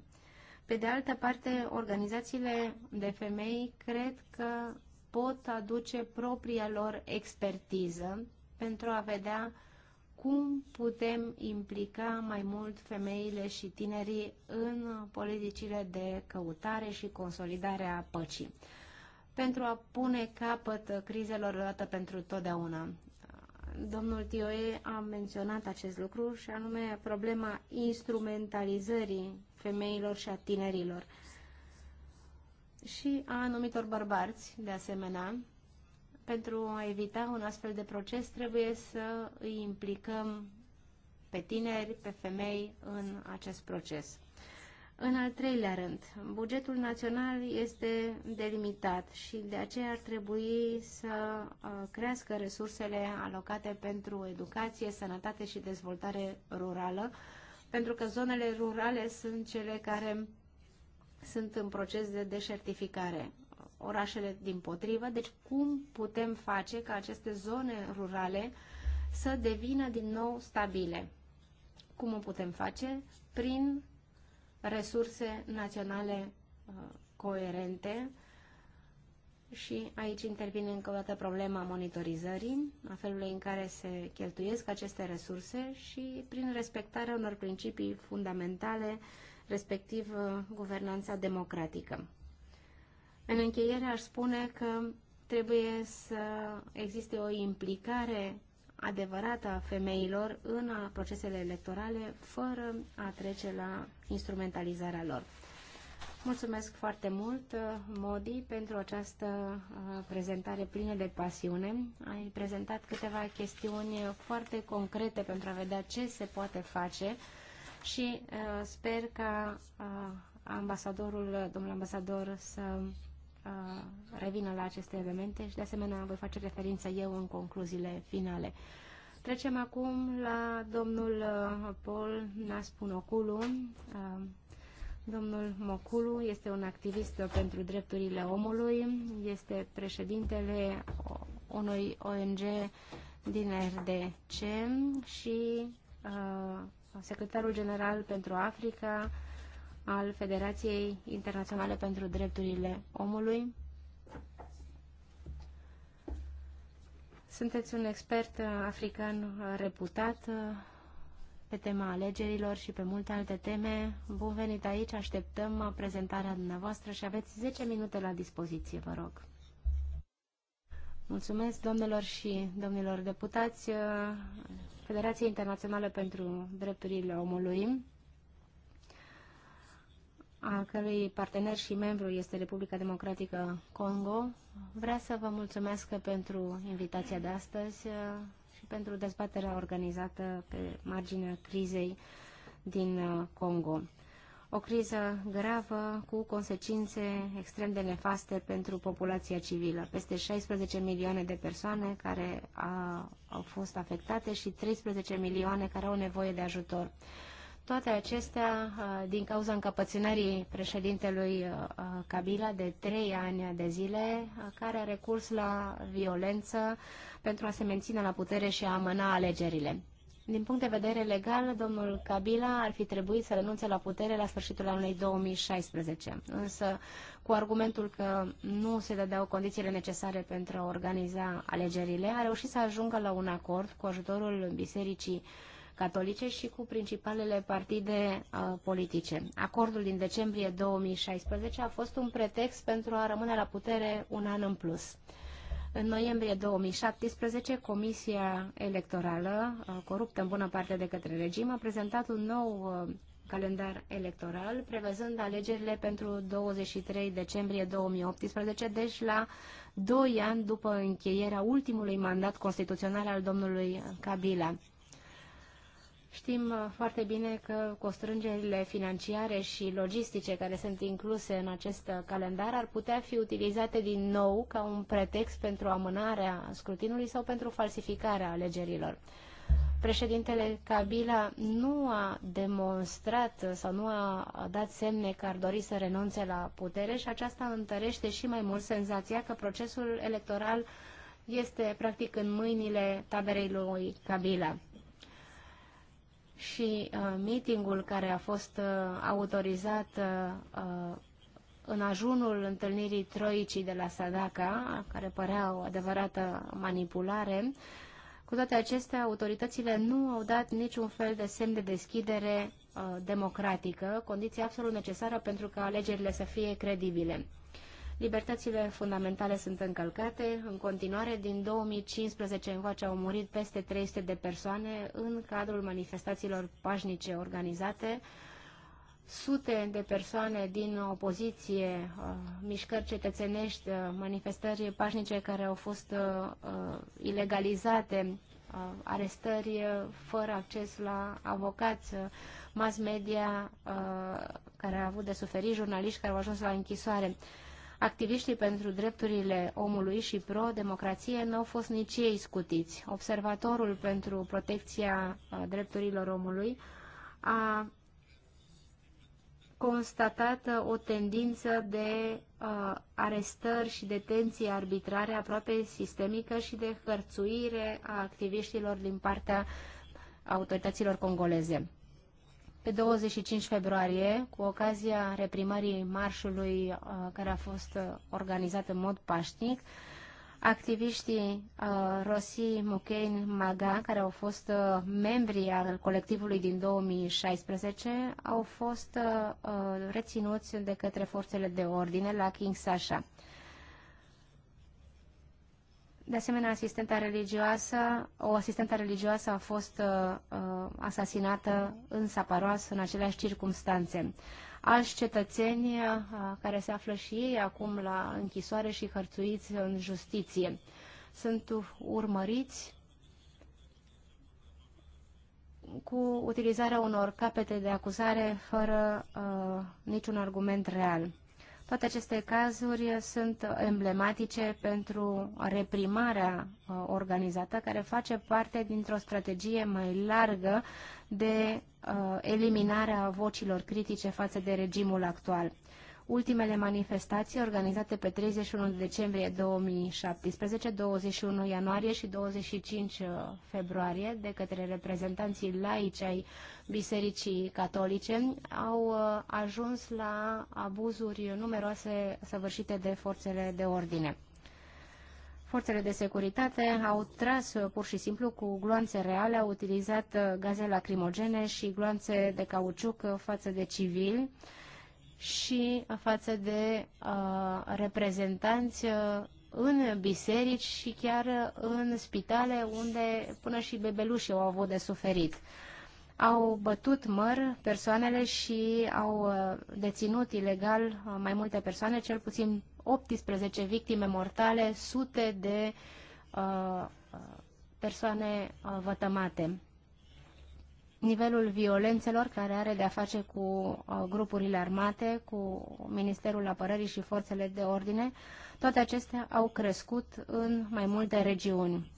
Pe de altă parte, organizațiile de femei cred că pot aduce propria lor expertiză pentru a vedea cum putem implica mai mult femeile și tinerii în politicile de căutare și consolidare a păcii pentru a pune capăt crizelor odată pentru totdeauna. Domnul Tioe a menționat acest lucru și anume problema instrumentalizării femeilor și a tinerilor și a anumitor bărbați, de asemenea, pentru a evita un astfel de proces, trebuie să îi implicăm pe tineri, pe femei în acest proces. În al treilea rând, bugetul național este delimitat și de aceea ar trebui să uh, crească resursele alocate pentru educație, sănătate și dezvoltare rurală, pentru că zonele rurale sunt cele care sunt în proces de deșertificare orașele din potrivă. Deci cum putem face ca aceste zone rurale să devină din nou stabile? Cum o putem face? Prin resurse naționale uh, coerente și aici intervine încă o dată problema monitorizării, a felului în care se cheltuiesc aceste resurse și prin respectarea unor principii fundamentale, respectiv uh, guvernanța democratică. În încheiere aș spune că trebuie să existe o implicare adevărată a femeilor în procesele electorale fără a trece la instrumentalizarea lor. Mulțumesc foarte mult, Modi, pentru această uh, prezentare plină de pasiune. Ai prezentat câteva chestiuni foarte concrete pentru a vedea ce se poate face și uh, sper ca uh, ambasadorul, domnul ambasador, să Uh, revină la aceste elemente și de asemenea voi face referință eu în concluziile finale. Trecem acum la domnul uh, Paul Naspunoculu. Uh, Domnul Moculu este un activist pentru drepturile omului, este președintele unui ONG din RDC și uh, secretarul general pentru Africa al Federației Internaționale pentru Drepturile Omului. Sunteți un expert african reputat pe tema alegerilor și pe multe alte teme. Bun venit aici, așteptăm prezentarea dumneavoastră și aveți 10 minute la dispoziție, vă rog. Mulțumesc, domnilor și domnilor deputați, Federația Internațională pentru Drepturile Omului a cărei partener și membru este Republica Democratică Congo. Vreau să vă mulțumesc pentru invitația de astăzi uh, și pentru dezbaterea organizată pe marginea crizei din uh, Congo. O criză gravă cu consecințe extrem de nefaste pentru populația civilă. Peste 16 milioane de persoane care a, au fost afectate și 13 milioane care au nevoie de ajutor. Toate acestea uh, din cauza încăpățânării președintelui uh, Kabila de trei ani de zile, uh, care a recurs la violență pentru a se menține la putere și a amâna alegerile. Din punct de vedere legal, domnul Kabila ar fi trebuit să renunțe la putere la sfârșitul anului 2016, însă cu argumentul că nu se dădeau condițiile necesare pentru a organiza alegerile, a reușit să ajungă la un acord cu ajutorul Bisericii catolice și cu principalele partide uh, politice. Acordul din decembrie 2016 a fost un pretext pentru a rămâne la putere un an în plus. În noiembrie 2017, Comisia Electorală, uh, coruptă în bună parte de către regim, a prezentat un nou uh, calendar electoral, prevăzând alegerile pentru 23 decembrie 2018, deci la doi ani după încheierea ultimului mandat constituțional al domnului Kabila. Știm uh, foarte bine că constrângerile financiare și logistice care sunt incluse în acest uh, calendar ar putea fi utilizate din nou ca un pretext pentru amânarea scrutinului sau pentru falsificarea alegerilor. Președintele Kabila nu a demonstrat sau nu a dat semne că ar dori să renunțe la putere și aceasta întărește și mai mult senzația că procesul electoral este practic în mâinile taberei lui Kabila și uh, meetingul care a fost uh, autorizat uh, uh, în ajunul întâlnirii troicii de la Sadaka, care părea o adevărată manipulare, cu toate acestea, autoritățile nu au dat niciun fel de semn de deschidere uh, democratică, condiție absolut necesară pentru ca alegerile să fie credibile. Libertățile fundamentale sunt încălcate. În continuare, din 2015 încoace au murit peste 300 de persoane în cadrul manifestațiilor pașnice organizate. Sute de persoane din opoziție, uh, mișcări cetățenești, uh, manifestări pașnice care au fost uh, ilegalizate, arestări fără acces la avocați, mass media care a avut de suferit, jurnaliști care au ajuns la închisoare. Activiștii pentru drepturile omului și pro-democrație nu au fost nici ei scutiți. Observatorul pentru protecția drepturilor omului a constatat o tendință de uh, arestări și detenții arbitrare aproape sistemică și de hărțuire a activiștilor din partea autorităților congoleze. Pe 25 februarie, cu ocazia reprimării marșului uh, care a fost uh, organizat în mod pașnic, activiștii uh, Rossi Mukein Maga, care au fost uh, membri al colectivului din 2016, au fost uh, uh, reținuți de către forțele de ordine la King Sasha. De asemenea, asistenta religioasă, o asistentă religioasă a fost uh, uh, asasinată în Saparoas, în aceleași circumstanțe. Alți cetățeni uh, care se află și ei acum la închisoare și hărțuiți în justiție sunt urmăriți cu utilizarea unor capete de acuzare fără uh, niciun argument real. Toate aceste cazuri sunt emblematice pentru reprimarea uh, organizată, care face parte dintr-o strategie mai largă de uh, eliminarea vocilor critice față de regimul actual. Ultimele manifestații organizate pe 31 decembrie 2017, 21 ianuarie și 25 uh, februarie de către reprezentanții laici ai Bisericii Catolice au uh, ajuns la abuzuri numeroase săvârșite de forțele de ordine. Forțele de securitate au tras uh, pur și simplu cu gloanțe reale, au utilizat gaze lacrimogene și gloanțe de cauciuc față de civili și față de uh, reprezentanți uh, în biserici și chiar în spitale unde până și bebelușii au avut de suferit. Au bătut măr persoanele și au uh, deținut ilegal uh, mai multe persoane, cel puțin 18 victime mortale, sute de uh, persoane vătămate nivelul violențelor care are de-a face cu uh, grupurile armate, cu Ministerul Apărării și forțele de ordine, toate acestea au crescut în mai multe regiuni.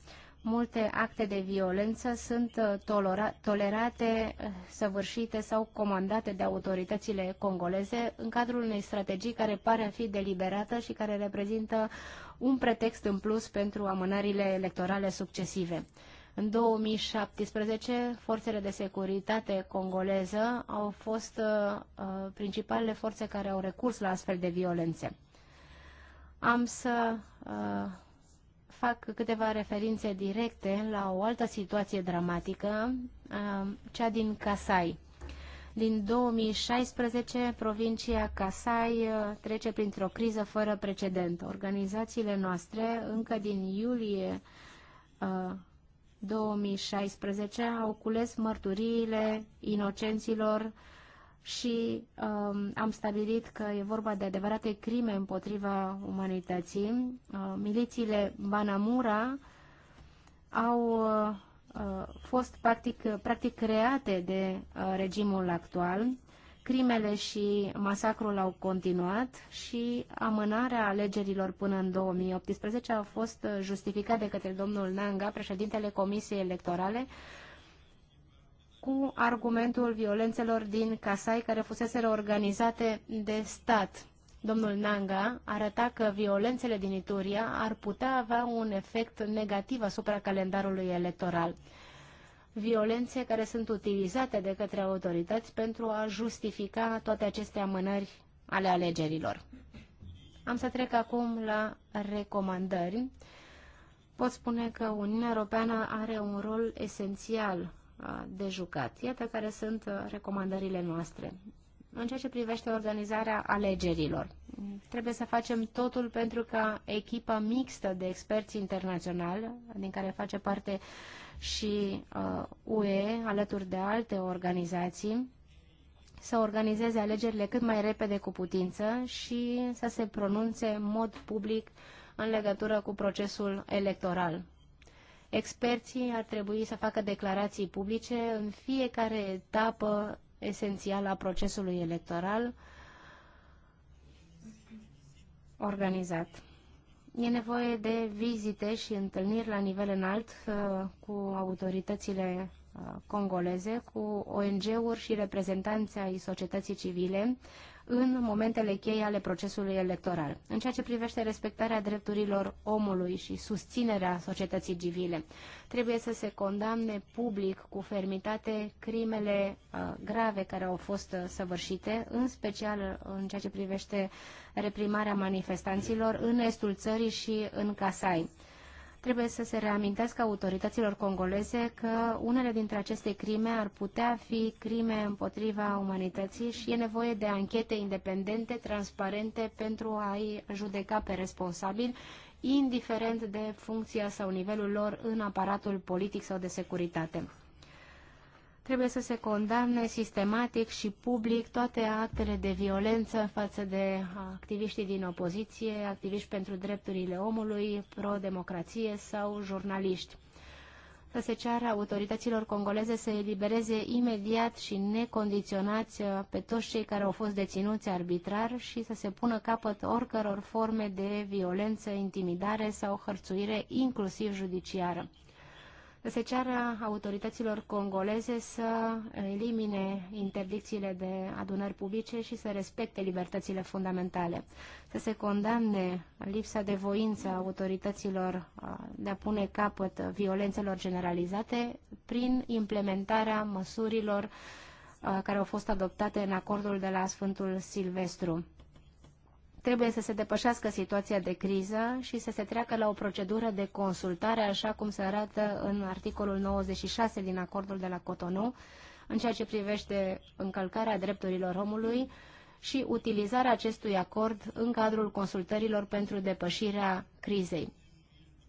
Multe acte de violență sunt uh, tolerate, uh, săvârșite sau comandate de autoritățile congoleze în cadrul unei strategii care pare a fi deliberată și care reprezintă un pretext în plus pentru amânările electorale succesive. În 2017, forțele de securitate congoleză au fost uh, uh, principalele forțe care au recurs la astfel de violențe. Am să uh, fac câteva referințe directe la o altă situație dramatică, uh, cea din Kasai. Din 2016, provincia Kasai uh, trece printr-o criză fără precedent. Organizațiile noastre, încă din iulie uh, 2016 au cules mărturiile inocenților și um, am stabilit că e vorba de adevărate crime împotriva umanității. Uh, milițiile Banamura au uh, uh fost practic, practic create de uh, regimul actual Crimele și masacrul au continuat și amânarea alegerilor până în 2018 a fost justificat de către domnul Nanga, președintele Comisiei Electorale, cu argumentul violențelor din casai care fusese organizate de stat. Domnul Nanga arăta că violențele din Ituria ar putea avea un efect negativ asupra calendarului electoral violențe care sunt utilizate de către autorități pentru a justifica toate aceste amânări ale alegerilor. Am să trec acum la recomandări. Pot spune că Uniunea Europeană are un rol esențial uh, de jucat. Iată care sunt uh, recomandările noastre. În ceea ce privește organizarea alegerilor, trebuie să facem totul pentru ca echipa mixtă de experți internaționali, din care face parte și uh, UE, alături de alte organizații, să organizeze alegerile cât mai repede cu putință și să se pronunțe în mod public în legătură cu procesul electoral. Experții ar trebui să facă declarații publice în fiecare etapă esențial a procesului electoral organizat. E nevoie de vizite și întâlniri la nivel înalt uh, cu autoritățile uh, congoleze, cu ONG-uri și reprezentanții ai societății civile în momentele cheie ale procesului electoral. În ceea ce privește respectarea drepturilor omului și susținerea societății civile, trebuie să se condamne public cu fermitate crimele uh, grave care au fost uh, săvârșite, în special uh, în ceea ce privește reprimarea manifestanților în estul țării și în Casai. Trebuie să se reamintească autorităților congoleze că unele dintre aceste crime ar putea fi crime împotriva umanității și e nevoie de anchete independente, transparente, pentru a-i judeca pe responsabili, indiferent de funcția sau nivelul lor în aparatul politic sau de securitate trebuie să se condamne sistematic și public toate actele de violență față de activiștii din opoziție, activiști pentru drepturile omului, pro-democrație sau jurnaliști. Să se ceară autorităților congoleze să elibereze imediat și necondiționat pe toți cei care au fost deținuți arbitrar și să se pună capăt oricăror forme de violență, intimidare sau hărțuire, inclusiv judiciară se ceară autorităților congoleze să elimine interdicțiile de adunări publice și să respecte libertățile fundamentale, să se condamne lipsa de voință a autorităților de a pune capăt violențelor generalizate prin implementarea măsurilor care au fost adoptate în acordul de la Sfântul Silvestru. Trebuie să se depășească situația de criză și să se treacă la o procedură de consultare, așa cum se arată în articolul 96 din acordul de la Cotonou, în ceea ce privește încălcarea drepturilor omului și utilizarea acestui acord în cadrul consultărilor pentru depășirea crizei.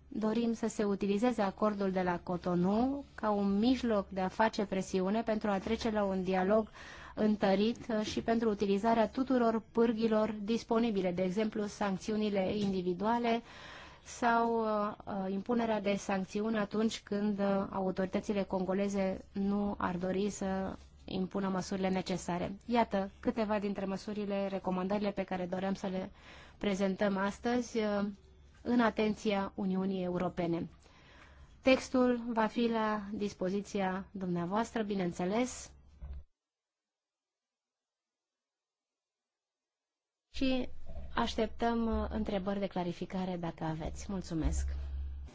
Dorim să se utilizeze acordul de la Cotonou ca un mijloc de a face presiune pentru a trece la un dialog întărit și pentru utilizarea tuturor pârghilor disponibile, de exemplu sancțiunile individuale sau uh, impunerea de sancțiuni atunci când autoritățile congoleze nu ar dori să impună măsurile necesare. Iată câteva dintre măsurile, recomandările pe care doream să le prezentăm astăzi uh, în atenția Uniunii Europene. Textul va fi la dispoziția dumneavoastră, bineînțeles, și așteptăm uh, întrebări de clarificare dacă aveți. Mulțumesc!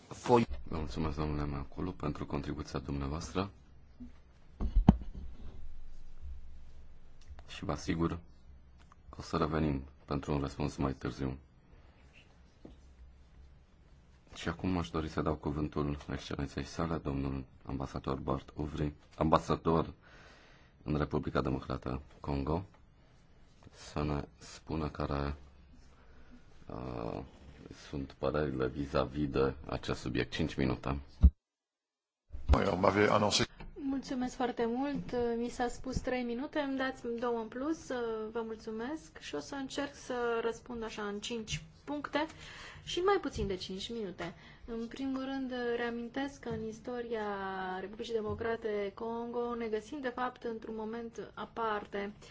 Foi. Vă mulțumesc, domnule Maculu, pentru contribuția dumneavoastră și vă asigur că o să revenim pentru un răspuns mai târziu. Și acum aș dori să dau cuvântul excelenței sale, domnul ambasador Bart Uvri, ambasador în Republica Democrată Congo să ne spună care uh, sunt părerile vis-a-vis -vis de acest subiect. 5 minute. Mulțumesc foarte mult. Mi s-a spus 3 minute, îmi dați două în plus. Vă mulțumesc și o să încerc să răspund așa în 5 puncte și mai puțin de 5 minute. În primul rând, reamintesc că în istoria Republicii Democrate Congo ne găsim, de fapt, într-un moment aparte. Uh,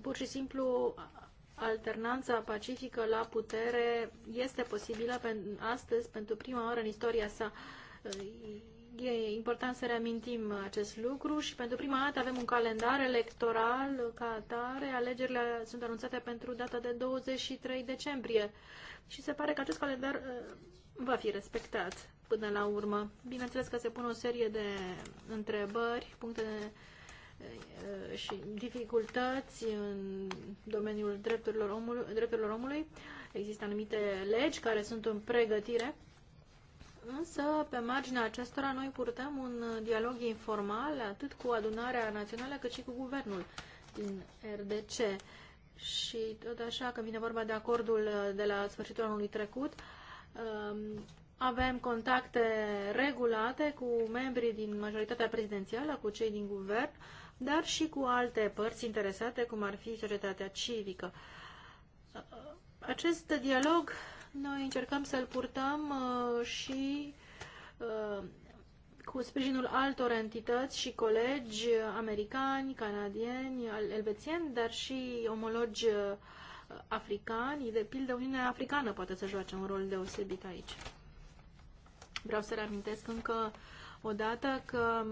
pur și simplu alternanța pacifică la putere este posibilă astăzi pentru prima oară în istoria sa. E important să reamintim acest lucru și pentru prima dată avem un calendar electoral ca atare. Alegerile sunt anunțate pentru data de 23 decembrie și se pare că acest calendar uh, va fi respectat până la urmă. Bineînțeles că se pun o serie de întrebări, puncte de Eh, și dificultăți în domeniul drepturilor omului, drepturilor omului. Există anumite legi care sunt în pregătire, însă pe marginea acestora noi purtăm un dialog informal atât cu adunarea națională cât și cu guvernul din RDC. Și tot așa, când vine vorba de acordul de la sfârșitul anului trecut, avem contacte regulate cu membrii din majoritatea prezidențială, cu cei din guvern, dar și cu alte părți interesate, cum ar fi societatea civică. Acest dialog noi încercăm să-l purtăm uh, și uh, cu sprijinul altor entități și colegi uh, americani, canadieni, elvețieni, dar și omologi africani. De pildă, Uniunea Africană poate să joace un rol deosebit aici. Vreau să reamintesc încă o dată că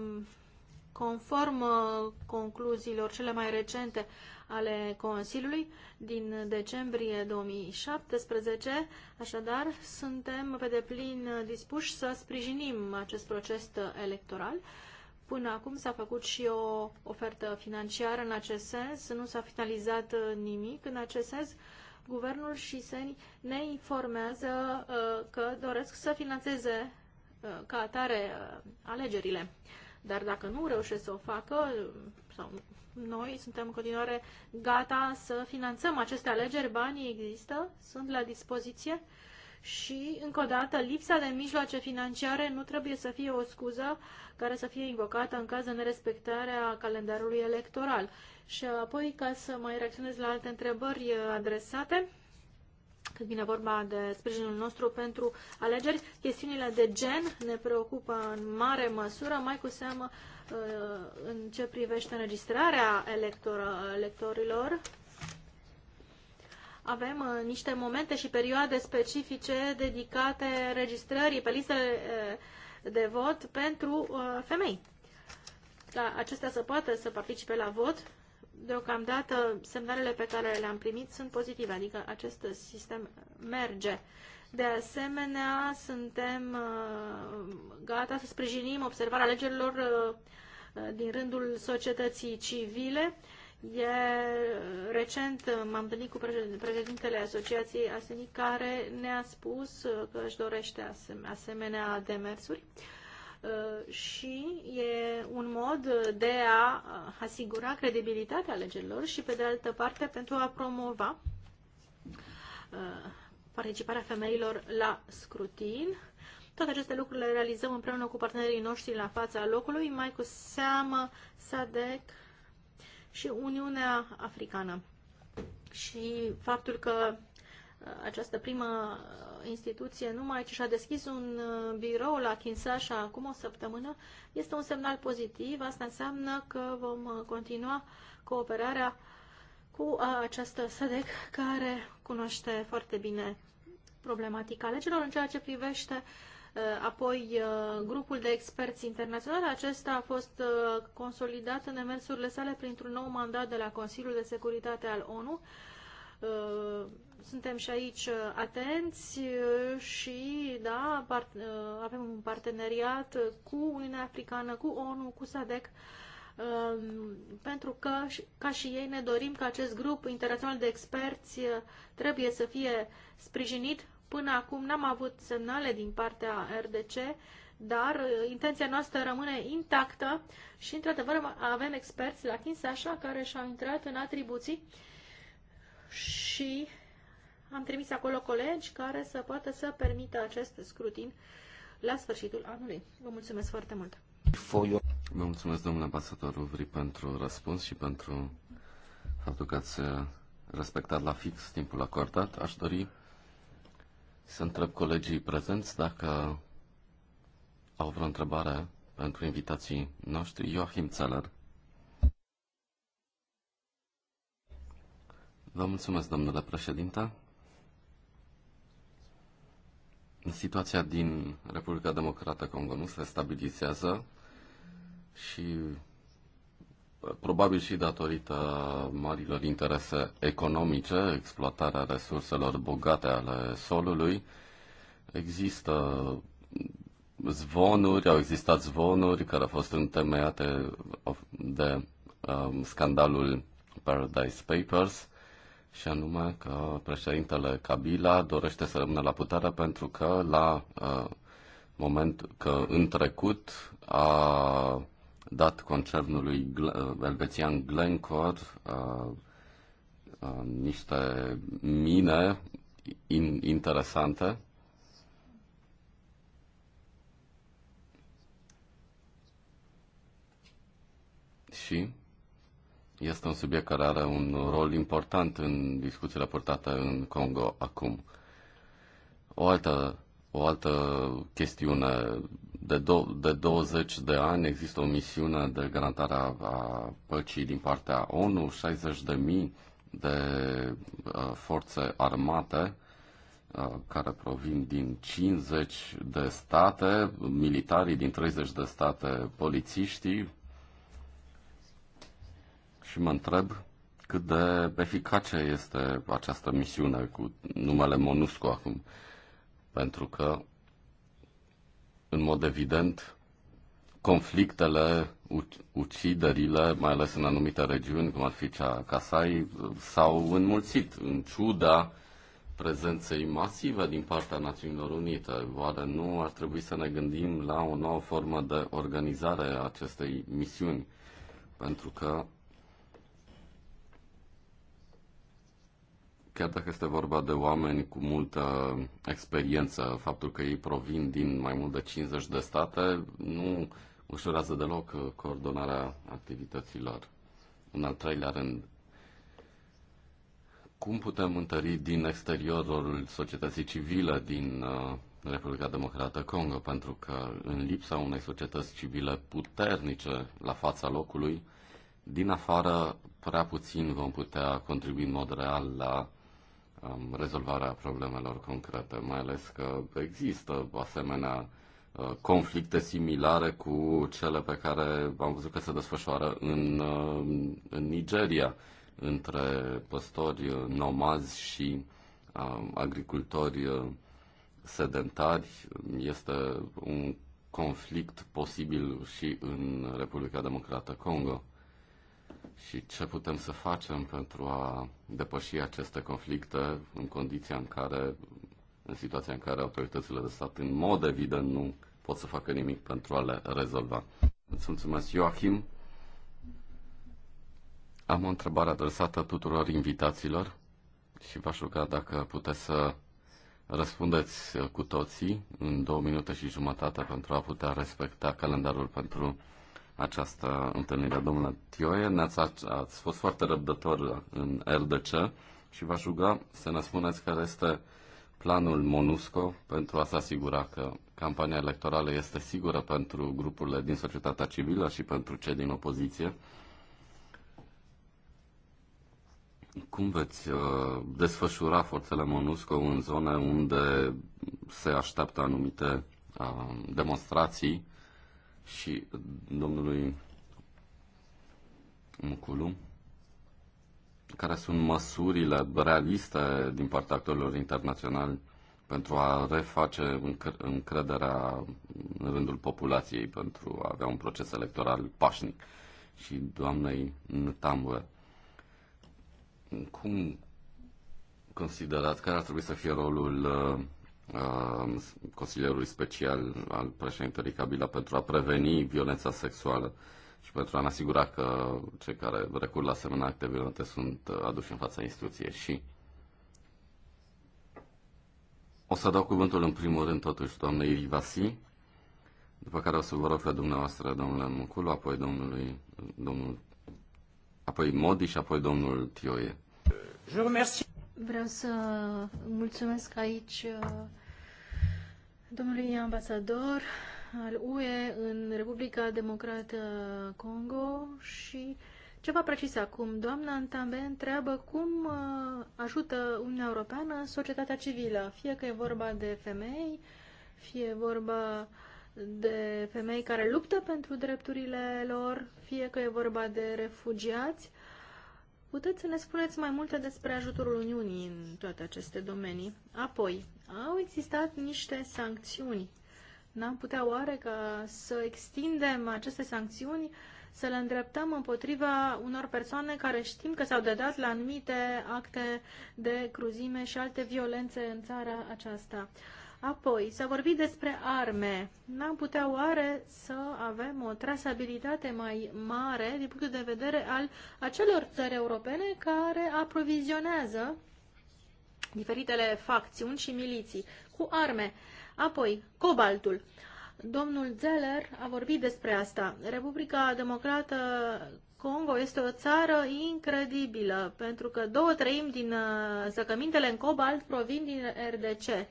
conform uh, concluziilor cele mai recente ale Consiliului din decembrie 2017. Așadar, suntem pe deplin dispuși să sprijinim acest proces electoral. Până acum s-a făcut și o ofertă financiară în acest sens, nu s-a finalizat uh, nimic în acest sens. Guvernul și SENI ne informează uh, că doresc să financeze Uh, ca atare uh, alegerile. Dar dacă nu reușesc să o facă, sau noi suntem în continuare gata să finanțăm aceste alegeri, banii există, sunt la dispoziție și, încă o dată, lipsa de mijloace financiare nu trebuie să fie o scuză care să fie invocată în caz de nerespectare a calendarului electoral. Și apoi, ca să mai reacționez la alte întrebări uh, adresate, când vine vorba de sprijinul nostru pentru alegeri, chestiunile de gen ne preocupă în mare măsură, mai cu seamă uh, în ce privește înregistrarea elector electorilor. Avem uh, niște momente și perioade specifice dedicate registrării pe listele uh, de vot pentru femei. Ca acestea să poată să participe la vot deocamdată semnalele pe care le-am primit sunt pozitive, adică acest sistem merge. De asemenea, suntem uh, gata să sprijinim observarea alegerilor uh, din rândul societății civile. E, uh, recent m-am întâlnit cu președintele Asociației Asenii care ne-a spus că își dorește asemenea demersuri. Uh, și e un mod de a asigura credibilitatea alegerilor și, pe de altă parte, pentru a promova uh, participarea femeilor la scrutin. Toate aceste lucruri le realizăm împreună cu partenerii noștri la fața locului, mai cu seamă SADEC și Uniunea Africană. Și faptul că această primă uh, instituție numai, ci și-a deschis un uh, birou la Kinshasa acum o săptămână, este un semnal pozitiv. Asta înseamnă că vom uh, continua cooperarea cu această SEDEC care cunoaște foarte bine problematica legilor în ceea ce privește apoi grupul de experți internațional. Acesta a fost consolidat în demersurile sale printr-un nou mandat de la Consiliul de Securitate al ONU Uh, suntem și aici uh, atenți uh, și da, avem un parteneriat cu Uniunea Africană, cu ONU, cu SADEC, um, pentru că, ca și ei, ne dorim că acest grup internațional de experți trebuie să fie sprijinit. Până acum n-am avut semnale din partea RDC, dar intenția noastră rămâne intactă și, într-adevăr, avem experți la Kinshasa care și-au intrat în atribuții și am trimis acolo colegi care să poată să permită acest scrutin la sfârșitul anului. Vă mulțumesc foarte mult! Vă mulțumesc, domnule ambasador Uvri, pentru răspuns și pentru faptul că ați uh, respectat la fix timpul acordat. Aș dori să întreb colegii prezenți dacă au vreo întrebare pentru invitații noștri. Joachim Zeller. Vă mulțumesc, domnule președinte. Situația din Republica Democrată Congo nu se stabilizează și probabil și datorită marilor interese economice, exploatarea resurselor bogate ale solului, există zvonuri, au existat zvonuri care au fost întemeiate de um, scandalul Paradise Papers și anume că președintele Kabila dorește să rămână la putere pentru că la uh, moment că în trecut a dat concernului uh, elvețian Glencore uh, uh, niște mine in, interesante și este un subiect care are un rol important în discuțiile purtate în Congo acum. O altă, o altă chestiune. De, do- de 20 de ani există o misiune de garantare a, a păcii din partea ONU, 60 de mii de uh, forțe armate uh, care provin din 50 de state, militarii din 30 de state, polițiștii, și mă întreb cât de eficace este această misiune cu numele MONUSCO acum. Pentru că, în mod evident, conflictele, uciderile, mai ales în anumite regiuni, cum ar fi cea Casai, s-au înmulțit în ciuda prezenței masive din partea Națiunilor Unite. Oare nu ar trebui să ne gândim la o nouă formă de organizare a acestei misiuni? Pentru că chiar dacă este vorba de oameni cu multă experiență, faptul că ei provin din mai mult de 50 de state nu ușurează deloc coordonarea activităților. În al treilea rând, cum putem întări din exteriorul societății civile din uh, Republica Democrată Congo? Pentru că în lipsa unei societăți civile puternice la fața locului, din afară prea puțin vom putea contribui în mod real la um, rezolvarea problemelor concrete, mai ales că există asemenea uh, conflicte similare cu cele pe care am văzut că se desfășoară în, uh, în Nigeria între păstori uh, nomazi și uh, agricultori sedentari. Este un conflict posibil și în Republica Democrată Congo și ce putem să facem pentru a depăși aceste conflicte în condiția în care, în situația în care autoritățile de stat în mod evident nu pot să facă nimic pentru a le rezolva. Îți mulțumesc, Joachim. Am o întrebare adresată tuturor invitaților și v-aș ruga dacă puteți să răspundeți cu toții în două minute și jumătate pentru a putea respecta calendarul pentru această întâlnire. Domnule Tioie, ne-ați, ați fost foarte răbdător în RDC și v-aș ruga să ne spuneți care este planul MONUSCO pentru a se asigura că campania electorală este sigură pentru grupurile din societatea civilă și pentru cei din opoziție. Cum veți uh, desfășura forțele MONUSCO în zone unde se așteaptă anumite uh, demonstrații și domnului Muculu, care sunt măsurile realiste din partea actorilor internaționali pentru a reface încrederea în rândul populației, pentru a avea un proces electoral pașnic. Și doamnei Ntambue, cum considerați care ar trebui să fie rolul uh, Uh, consilierului special al președintelui Kabila pentru a preveni violența sexuală și pentru a ne asigura că cei care recurg la asemenea acte violente sunt uh, aduși în fața instituției și o să dau cuvântul în primul rând totuși doamnei Ivasi, după care o să vă rog pe dumneavoastră, domnule Muculu, apoi domnului, domnul, apoi Modi și apoi domnul Tioie. Vreau să mulțumesc aici uh, domnului ambasador al UE în Republica Democrată Congo și ceva precis acum. Doamna Antambe întreabă cum uh, ajută Uniunea Europeană societatea civilă, fie că e vorba de femei, fie e vorba de femei care luptă pentru drepturile lor, fie că e vorba de refugiați Puteți să ne spuneți mai multe despre ajutorul Uniunii în toate aceste domenii? Apoi, au existat niște sancțiuni. N-am putea oare ca să extindem aceste sancțiuni, să le îndreptăm împotriva unor persoane care știm că s-au dedat la anumite acte de cruzime și alte violențe în țara aceasta? Apoi, s-a vorbit despre arme. N-am putea oare să avem o trasabilitate mai mare din punctul de vedere al acelor țări europene care aprovizionează diferitele facțiuni și miliții cu arme. Apoi, cobaltul. Domnul Zeller a vorbit despre asta. Republica Democrată Congo este o țară incredibilă, pentru că două treimi din uh, zăcămintele în cobalt provin din RDC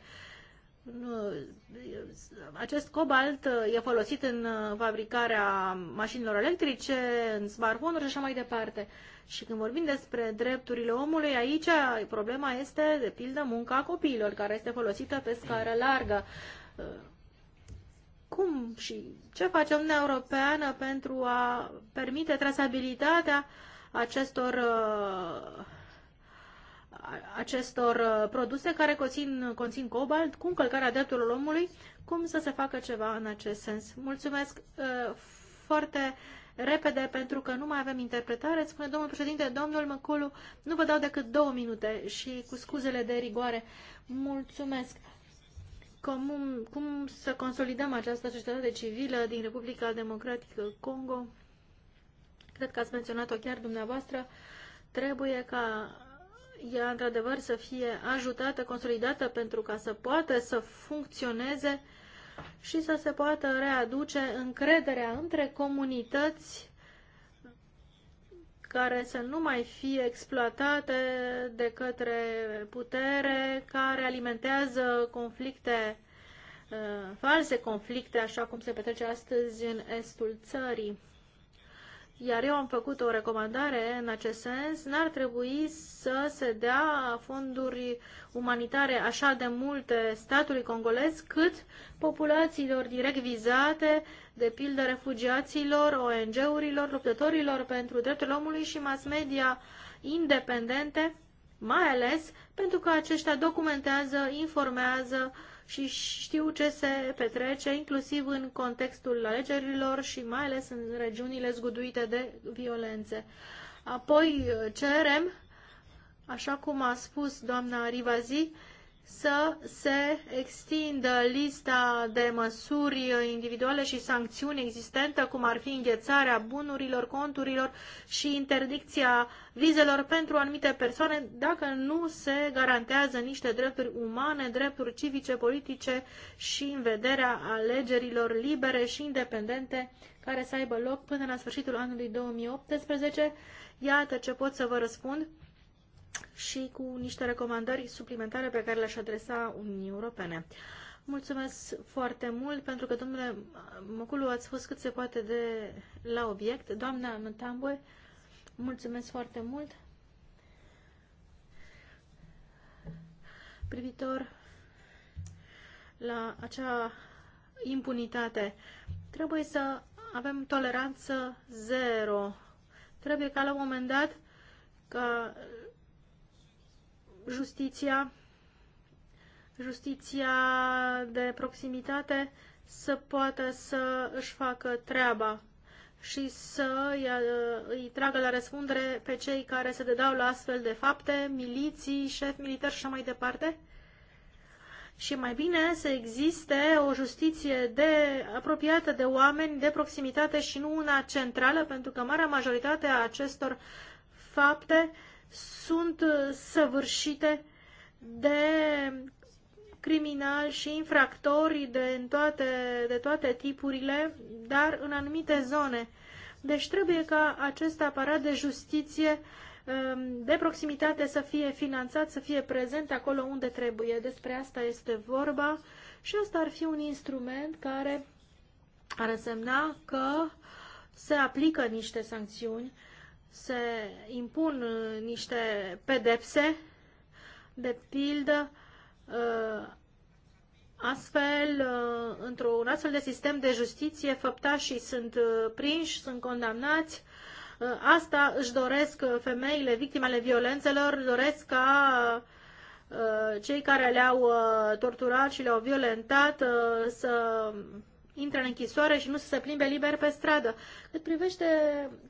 acest cobalt uh, e folosit în uh, fabricarea mașinilor electrice, în smartphone-uri și așa mai departe. Și când vorbim despre drepturile omului, aici problema este, de pildă, munca copiilor, care este folosită pe scară largă. Uh, cum și ce face Uniunea Europeană pentru a permite trasabilitatea acestor uh, acestor uh, produse care conțin, conțin cobalt cu încălcarea drepturilor omului, cum să se facă ceva în acest sens. Mulțumesc uh, foarte repede pentru că nu mai avem interpretare. spune domnul președinte, domnul Măculu, nu vă dau decât două minute și cu scuzele de rigoare. Mulțumesc. Cum, cum să consolidăm această societate civilă din Republica Democratică Congo? Cred că ați menționat-o chiar dumneavoastră. Trebuie ca ea într-adevăr să fie ajutată, consolidată pentru ca să poată să funcționeze și să se poată readuce încrederea între comunități care să nu mai fie exploatate de către putere care alimentează conflicte uh, false conflicte, așa cum se petrece astăzi în estul țării iar eu am făcut o recomandare în acest sens, n-ar trebui să se dea fonduri umanitare așa de multe statului congolez cât populațiilor direct vizate, de pildă refugiaților, ONG-urilor, luptătorilor pentru drepturile omului și mass media independente, mai ales pentru că aceștia documentează, informează, uh, și știu ce se petrece, inclusiv în contextul alegerilor și mai ales în regiunile zguduite de violențe. Apoi cerem, așa cum a spus doamna Rivazi, să se extindă lista de măsuri individuale și sancțiuni existentă, cum ar fi înghețarea bunurilor, conturilor și interdicția vizelor pentru anumite persoane, dacă nu se garantează niște drepturi umane, drepturi civice, politice și în vederea alegerilor libere și independente care să aibă loc până la sfârșitul anului 2018. Iată ce pot să vă răspund și cu niște recomandări suplimentare pe care le-aș adresa Uniunii Europene. Mulțumesc foarte mult pentru că, domnule Moculu, ați fost cât se poate de la obiect. Doamna Nutambue, mulțumesc foarte mult. Privitor la acea impunitate, trebuie să avem toleranță zero. Trebuie ca la un moment dat ca justiția, justiția de proximitate să poată să își facă treaba și să îi tragă la răspundere pe cei care se dedau la astfel de fapte, miliții, șef militari și așa mai departe. Și mai bine să existe o justiție de, apropiată de oameni, de proximitate și nu una centrală, pentru că marea majoritate a acestor fapte uh, sunt uh, săvârșite de criminali și infractori de, toate, de toate tipurile, dar în anumite zone. Deci trebuie ca acest aparat de justiție um, de proximitate să fie finanțat, să fie prezent acolo unde trebuie. Despre asta este vorba și asta ar fi un instrument care ar însemna că se aplică niște sancțiuni se impun uh, niște pedepse, de pildă, uh, astfel, uh, într-un astfel de sistem de justiție, făptașii sunt prinși, sunt condamnați, Asta își doresc femeile, victimele violențelor, doresc ca cei care le-au torturat și le-au violentat să intre în închisoare și nu să se plimbe liber pe stradă. Cât privește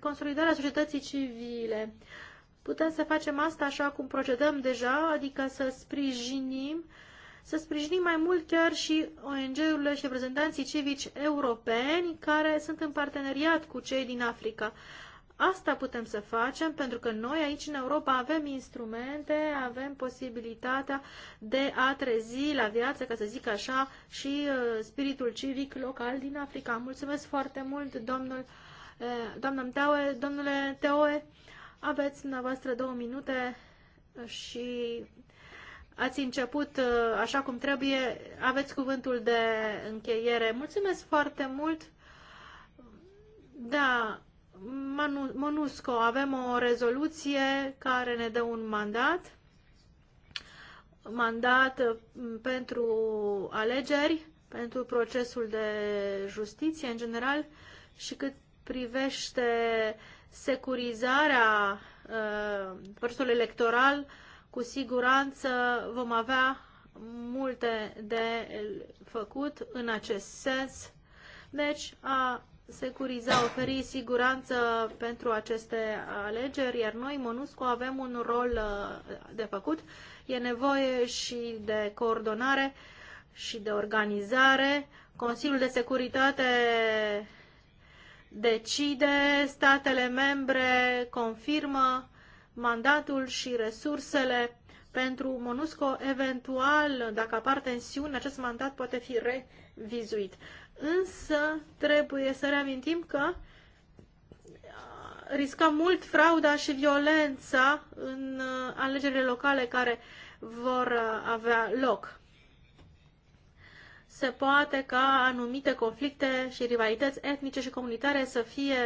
consolidarea societății civile, putem să facem asta așa cum procedăm deja, adică să sprijinim să sprijinim mai mult chiar și ONG-urile și reprezentanții civici europeni care sunt în parteneriat cu cei din Africa. Asta putem să facem pentru că noi aici în Europa avem instrumente, avem posibilitatea de a trezi la viață, ca să zic așa, și uh, spiritul civic local din Africa. Mulțumesc foarte mult, domnul, uh, doamna Mteoe, domnule Teoe. Aveți dumneavoastră două minute și ați început uh, așa cum trebuie. Aveți cuvântul de încheiere. Mulțumesc foarte mult. Da, MONUSCO avem o rezoluție care ne dă un mandat, mandat mm, pentru alegeri, pentru procesul de justiție în general și cât privește securizarea uh, procesul electoral, cu siguranță vom avea multe de făcut în acest sens. Deci a securiza, oferi siguranță pentru aceste alegeri, iar noi, MONUSCO, avem un rol uh, de făcut. E nevoie și de coordonare și de organizare. Consiliul de Securitate decide, statele membre confirmă mandatul și resursele pentru MONUSCO, eventual, dacă apar tensiuni, acest mandat poate fi revizuit însă trebuie să reamintim că uh, risca mult frauda și violența în uh, alegerile locale care vor uh, avea loc. Se poate ca anumite conflicte și rivalități etnice și comunitare să fie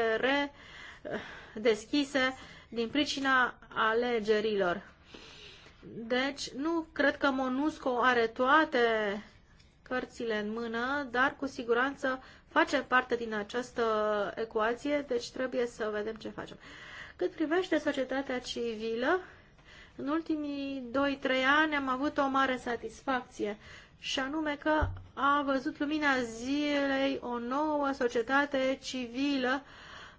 redeschise din pricina alegerilor. Deci, nu cred că MONUSCO are toate cărțile în mână, dar cu siguranță facem parte din această ecuație, deci trebuie să vedem ce facem. Cât privește societatea civilă, în ultimii 2-3 ani am avut o mare satisfacție și anume că a văzut lumina zilei o nouă societate civilă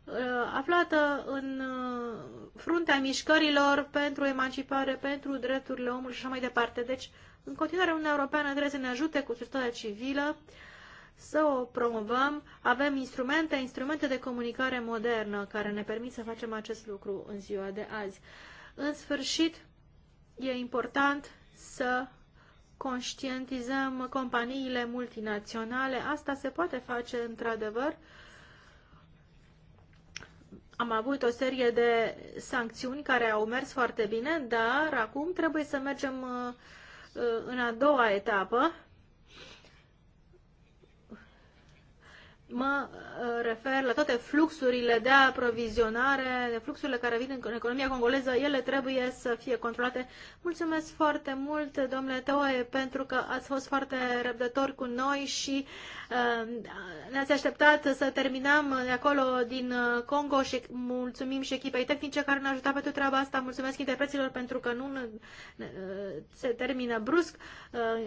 uh, aflată în uh, fruntea mișcărilor pentru emancipare, pentru drepturile omului și așa mai departe. Deci, în continuare, Uniunea Europeană trebuie să ne ajute cu societatea civilă să o promovăm. Avem instrumente, instrumente de comunicare modernă care ne permit să facem acest lucru în ziua de azi. În sfârșit, e important să conștientizăm companiile multinaționale. Asta se poate face într-adevăr. Am avut o serie de sancțiuni care au mers foarte bine, dar acum trebuie să mergem uh, Uh, în a doua etapă mă uh, refer la toate fluxurile de aprovizionare, de fluxurile care vin în economia congoleză, ele trebuie să fie controlate. Mulțumesc foarte mult, domnule Toaie, pentru că ați fost foarte răbdători cu noi și uh, ne-ați așteptat să terminăm de acolo din uh, Congo și mulțumim și echipei tehnice care ne-a ajutat pentru treaba asta. Mulțumesc interpreților pentru că nu se termină brusc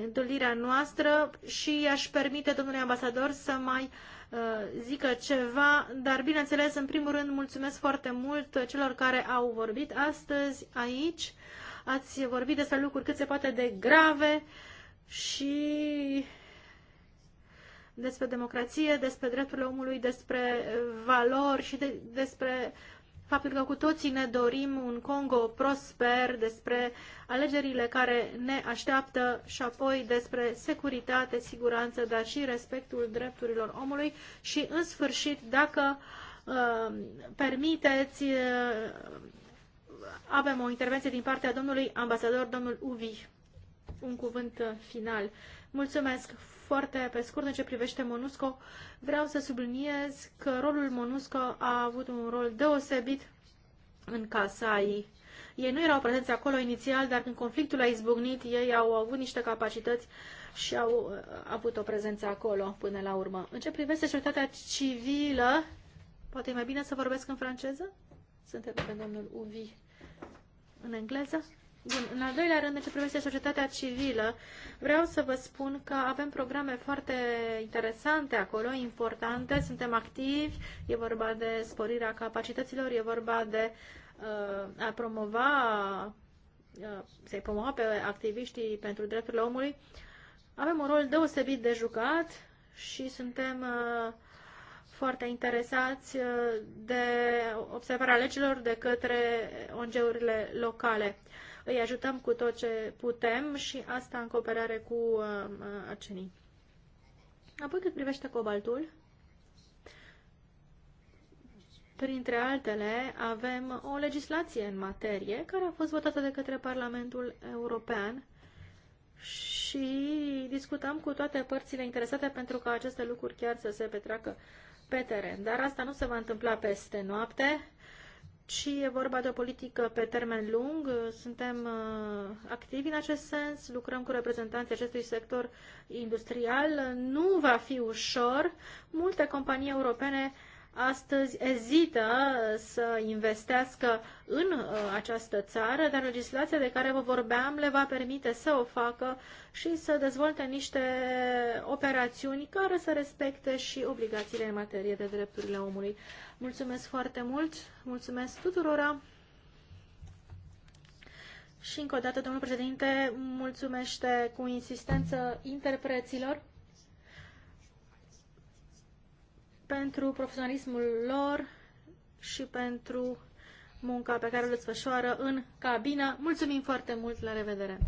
întâlnirea noastră și aș permite, domnule ambasador, să mai Uh, zică ceva, dar bineînțeles, în primul rând, mulțumesc foarte mult celor care au vorbit astăzi aici. Ați vorbit despre lucruri cât se poate de grave și despre democrație, despre drepturile omului, despre valori și de, despre faptul că cu toții ne dorim un Congo prosper, despre alegerile care ne așteaptă și apoi despre securitate, siguranță, dar și respectul drepturilor omului și, în sfârșit, dacă uh, permiteți, uh, avem o intervenție din partea domnului ambasador, domnul Uvi. Un cuvânt final. Mulțumesc foarte pe scurt, în ce privește MONUSCO, vreau să subliniez că rolul MONUSCO a avut un rol deosebit în casa Ei nu erau prezenți acolo inițial, dar când conflictul a izbucnit, ei au avut niște capacități și au uh, avut o prezență acolo până la urmă. În ce privește societatea civilă, poate e mai bine să vorbesc în franceză? Sunt pe domnul Uvi în engleză? Bun, în al doilea rând, în ce privește societatea civilă, vreau să vă spun că avem programe foarte interesante acolo, importante, suntem activi, e vorba de sporirea capacităților, e vorba de uh, a promova, uh, să-i promova pe activiștii pentru drepturile omului. Avem un rol deosebit de jucat și suntem uh, foarte interesați uh, de observarea legilor de către ONG-urile locale îi ajutăm cu tot ce putem și asta în cooperare cu uh, uh, arcenii. Apoi cât privește cobaltul, printre altele, avem o legislație în materie care a fost votată de către Parlamentul European și discutăm cu toate părțile interesate pentru ca aceste lucruri chiar să se petreacă pe teren. Dar asta nu se va întâmpla peste noapte și e vorba de o politică pe termen lung. Suntem uh, activi în acest sens, lucrăm cu reprezentanții acestui sector industrial. Nu va fi ușor. Multe companii europene uh, astăzi ezită să investească în uh, această țară, dar legislația de care vă vorbeam le va permite să o facă și să dezvolte niște operațiuni care să respecte și obligațiile în materie de drepturile omului. Mulțumesc foarte mult, mulțumesc tuturora! Și încă o dată, domnul președinte, mulțumește cu insistență interpreților. pentru profesionalismul lor și pentru munca pe care o desfășoară în cabină. Mulțumim foarte mult, la revedere!